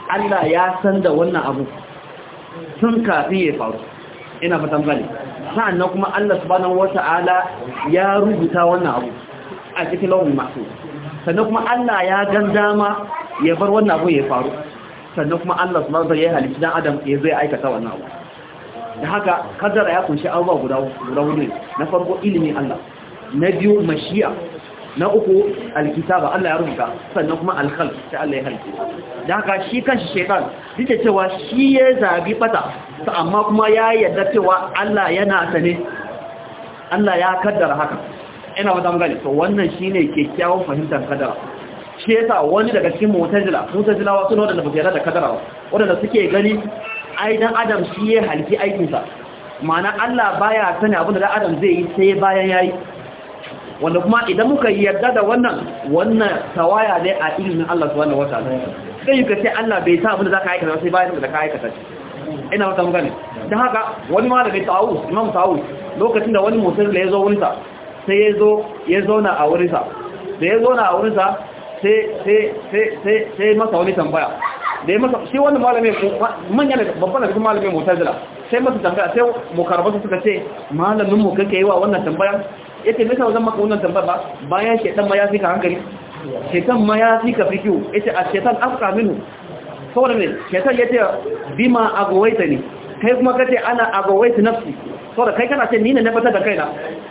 Allah ya san da wannan abu sun kafin ya faru ina fatan gani sa'annan kuma Allah subhanahu wata'ala ya rubuta wannan abu a cikin lawan masu sannan kuma Allah ya gan dama ya bar wannan abu ya faru sannan kuma Allah subhanahu wata'ala ya halitta dan adam ya zai aikata wannan abu da haka kaddara ya kunshi abubuwa guda guda ne na farko ilimin Allah na biyu mashiya na uku alkitaba Allah ya rubuta sannan kuma alkhal sai Allah ya halitta da haka shi kanshi shaytan duk cewa shi ya zabi fata amma kuma ya yarda cewa Allah yana sane Allah ya kaddara haka ina wata gani to wannan shine kyakkyawan fahimtar kaddara shi yasa wani daga cikin mu'tazila mu'tazilawa suna da nafiyar da kaddara wanda suke gani ai dan adam shi ya halki aikinsa ma'ana Allah baya sani abin da dan adam zai yi sai bayan yayi wanda kuma idan muka yarda da wannan wannan tawaya ne a ilimin Allah subhanahu wataala sai yuka ce Allah bai sa abin da zaka aikata sai bayan da ka aikata ina wata magana dan haka wani ma daga Tawus Imam Tawus lokacin da wani musulmi ya zo wurinsa sai ya yazo na zauna a wurinsa da yazo na a wurinsa sai sai sai sai masa wani tambaya da ya masa shi wanda malamin manya da babban da cikin malamin mutazila sai masa tambaya sai mukarabatu suka ce malamin mu kake yi wa wannan tambaya yace me yasa zan maka wannan tambaya ba bayan shedan ma ya fika hankali shedan ma ya fika fikiu yace a shedan afka minu saboda me shedan yace bima agwaita ni kai kuma kace ana agwaita nafsi saboda kai kana ce ni ne na fata da kaina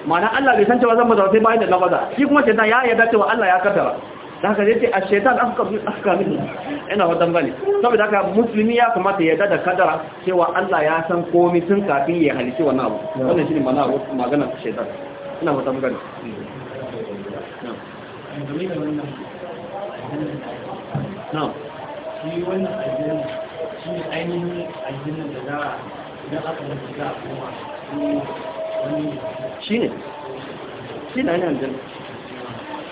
ma'ana Allah bai san cewa zan mazawa sai bayan da na faza shi kuma shedan ya yarda cewa Allah ya kaddara da haka zai ce a shaitan afka mini ina watan gani saboda haka musulmi ya kamata ya dada kadara cewa Allah ya san komi sun kafin ya halice wannan abu wannan shi ne mana maganar shaitan ina watan gani na'am shi wannan shi ne ainihin aljanna da za a idan aka mutu za a koma shi ne shi ne ainihin aljanna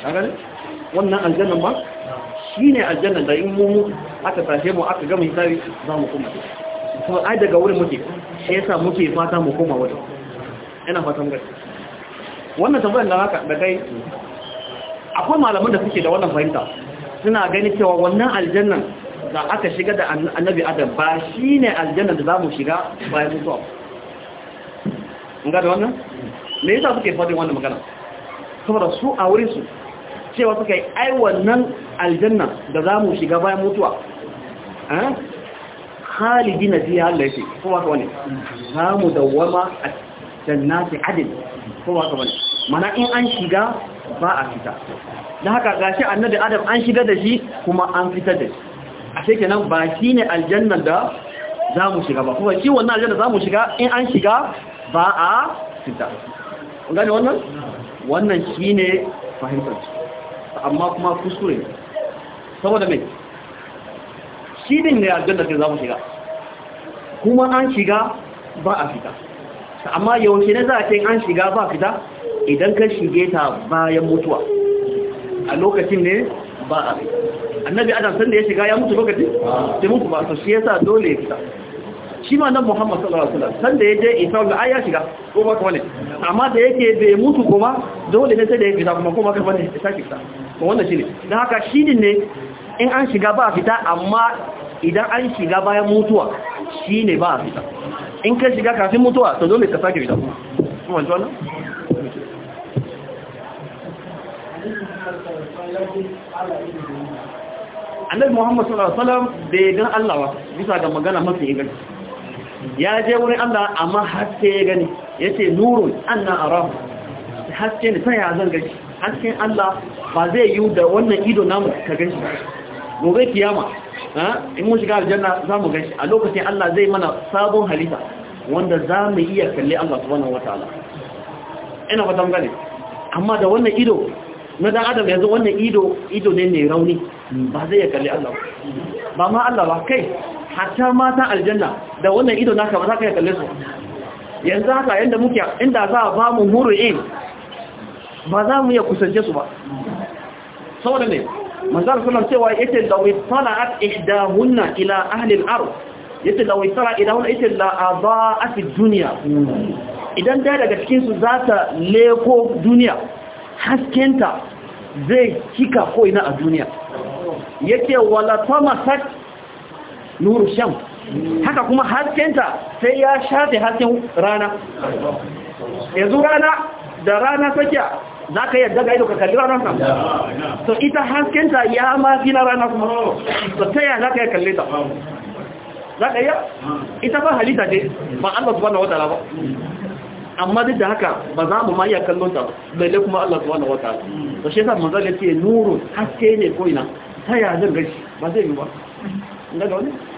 a ganin wannan aljannan ba shi ne aljannan da in mummu aka tashe mu aka gama hisabi za mu koma kuma ai daga wurin muke shi yasa muke fata mu koma wajen ina fatan gari wannan tambayar da haka da kai akwai malaman da suke da wannan fahimta suna gani cewa wannan aljannan da aka shiga da annabi adam ba shi ne aljannan da za mu shiga bayan mutuwa ba. ga da wannan me yasa suke fadin wannan magana saboda su a wurin su cewa suka yi ai wannan aljanna da za mu shiga bayan mutuwa halidi na fiye Allah ya ce kowa ka wani za mu dawama a jannati adil kowa ka wani mana in an shiga ba a fita da haka gashi annabi adam an shiga da shi kuma an fitar da shi a shekenan ba shi ne aljanna da za mu shiga ba kuma shi wannan aljanna za mu shiga in an shiga ba a fita gane wannan wannan shi ne fahimtar amma kuma kuskure saboda mai shi din ne da ke za mu shiga kuma an shiga ba a fita amma yaushe ne za a ce an shiga ba a fita idan ka shige ta bayan mutuwa a lokacin ne ba a fita annabi adam san da ya shiga ya mutu lokacin sai mutu ba to shi yasa dole ya fita shi ma nan Muhammad sallallahu alaihi wasallam san da yaje Isa da aya shiga ko ba kuma ne amma da yake bai mutu kuma dole ne sai da yake kuma kuma kafa ne ta shiga to wannan shine dan haka shi din ne in an shiga ba fita amma idan an shiga bayan mutuwa shine ba fita in ka shiga kafin mutuwa to dole ka sake fita kuma wannan annabi Muhammad sallallahu alaihi wasallam bai gan Allah ba bisa ga magana mafi inganci ya je wurin Allah amma haske ya gani yace nurun anna arahu haske ne sai ya zan gani haske Allah ba zai yi da wannan ido namu ka gani gobe kiyama in mun shiga aljanna za mu gani a lokacin Allah zai mana sabon halifa wanda za mu iya kalle Allah subhanahu wataala ina fatan gani? amma da wannan ido na dan adam yanzu wannan ido ido ne mai rauni ba zai ya kalli Allah ba ma Allah ba kai hatta mata aljanna da wannan ido naka ba za ka kalle su yanzu haka yanda muke inda za a ba mu huru'in ba za mu iya kusance su ba saboda ne manzar sunan cewa yace da wai tala'at ihdahunna ila ahli al-ard yace da wai ila wani yace la aba'at ad-dunya idan da daga cikin su za ta leko duniya haskenta zai kika ko ina a duniya yace wala tamasat nuru sham haka kuma haskenta sai ya shafe hasken rana yanzu rana da rana sakiya za ka yadda ga ido ka kalli ranar ka so ita haskenta ya ma fi na rana kuma so ta yaya za ka yi kalli ta za ka yi ita ba halitta ce ba Allah subhanahu wataala ba amma duk da haka ba za mu ma iya kallon ta balle kuma Allah subhanahu wataala to shi yasa manzo ya ce nuru haske ne ko ina ta yaya zan gashi ba zai yi ba daga wani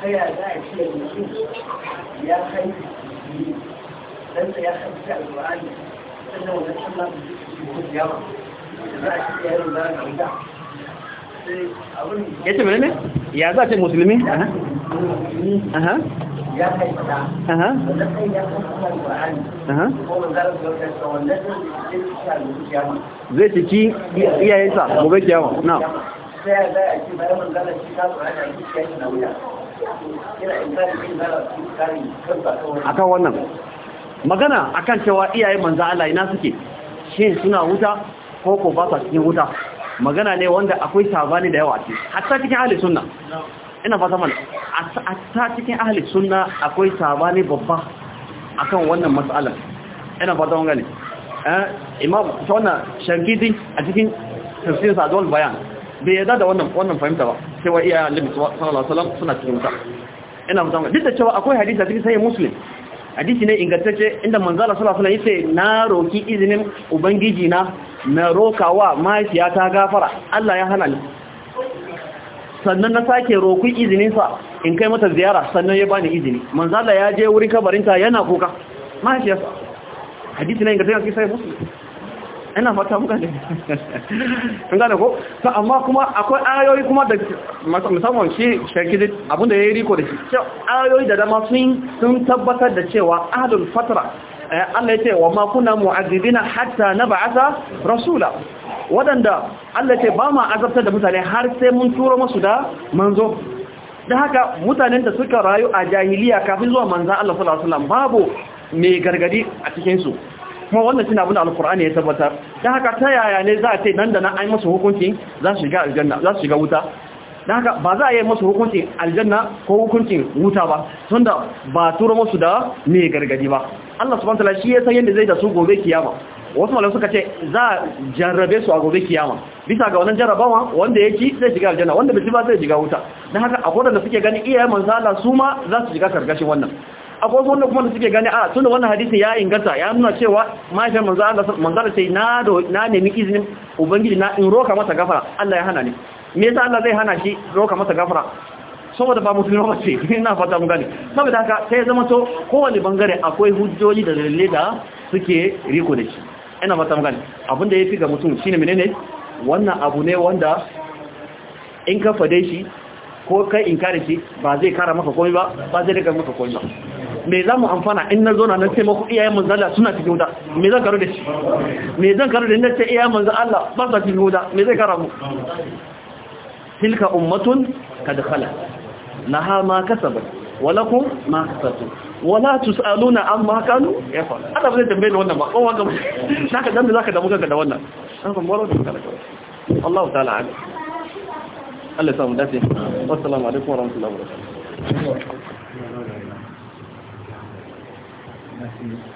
ta ya za a ce mutum ya kai ɗansa ya kai alƙur'ani sannan da suke yi yawa za a ce za a ga ya ce mene ya za ce musulmi aha ya haifata wanda kai ya kuma zai ga wanda zai ciki iyayensa gobe na sai ya ga a ce bayan manzara shi ta Qur'ani a cikin na wuya akan wannan magana akan cewa iyaye manzo Allah ina suke shin suna wuta ko ko ba sa cikin wuta magana ne wanda akwai sabani da yawa ce hatta cikin ahli sunna ina fata mana hatta cikin ahli sunna akwai sabani babba akan wannan mas'alan ina fata mun gane eh imam shawna shangidi a cikin tafsir sadul bayan bai yarda da wannan fahimta ba cewa iya annabi sallallahu alaihi Salam suna cikin wuta ina mutum duk da cewa akwai hadisa cikin sahih muslim hadisi ne ingantacce inda manzala sallallahu alaihi yi sai na roki izinin ubangiji na na rokawa mahaifiyata gafara Allah ya hana ni sannan na sake roƙi izininsa in kai mata ziyara sannan ya bani izini manzala ya je wurin kabarinta yana kuka mahaifiyarsa hadisi na ingantacce sai musulun. ina fata muka ne in gane ko ta amma kuma akwai ayoyi kuma da musamman shi abinda ya yi riko da shi ayoyi da dama sun tabbatar da cewa adal fatra eh, Allah ya ce wa ma kuna hatta hatta nab'atha rasula wadanda Allah ya ce ba ma azabtar da mutane har sai mun turo musu da manzo da haka mutanen da suka rayu a jahiliya kafin zuwa manzan Allah sallallahu alaihi wasallam babu mai gargadi a cikinsu. kuma wannan shi na abin alkur'ani ya tabbatar ta haka ta yaya ne za a ce nan da nan an masu hukuncin za su shiga aljanna za su shiga wuta da haka ba za a yi masu hukuncin aljanna ko hukuncin wuta ba tun da ba tura masu da ne gargadi ba Allah subhanahu wataala shi ya san yadda zai da su gobe kiyama wasu malamai suka ce za a jarrabe su a gobe kiyama bisa ga wannan jarrabawa wanda ya ci zai shiga aljanna wanda bai ci ba zai shiga wuta don haka a kodanda suke gani iyayen manzala su ma za su shiga karkashin wannan akwai wanda kuma da suke gani a ah, tunda wannan hadisi ya inganta ya nuna cewa mahaifiyar manzara ce na na nemi izinin ubangiji na in roka masa gafara Allah ya hana ne me yasa Allah zai hana shi roka masa gafara saboda ba musulmi ba ce ina fata mun gani saboda haka sai zama to kowane bangare akwai hujjoji da dalilai da suke riko da shi ina fata mun gani abin da fi ga mutum shine menene wannan abu ne wanda in ka fade shi ko kai in kare shi ba zai kara maka komai ba ba zai daga maka komai ba me za mu amfana in na zona na taimako iyayen manzo Allah suna cikin wuta me zan karu da shi me zan karu da nace iyayen manzo Allah ba sa cikin wuta me zai kara mu tilka ummatun kad khala laha ma kasabat wa lakum ma kasabtum wala tusaluna amma kanu yafa Allah ba zai tambaye wannan ba ko wanda saka dan zaka damu kanka da wannan an san moro da kanka Allah ta'ala ala Allah ya samu dace wassalamu alaikum warahmatullahi wabarakatuh Matthew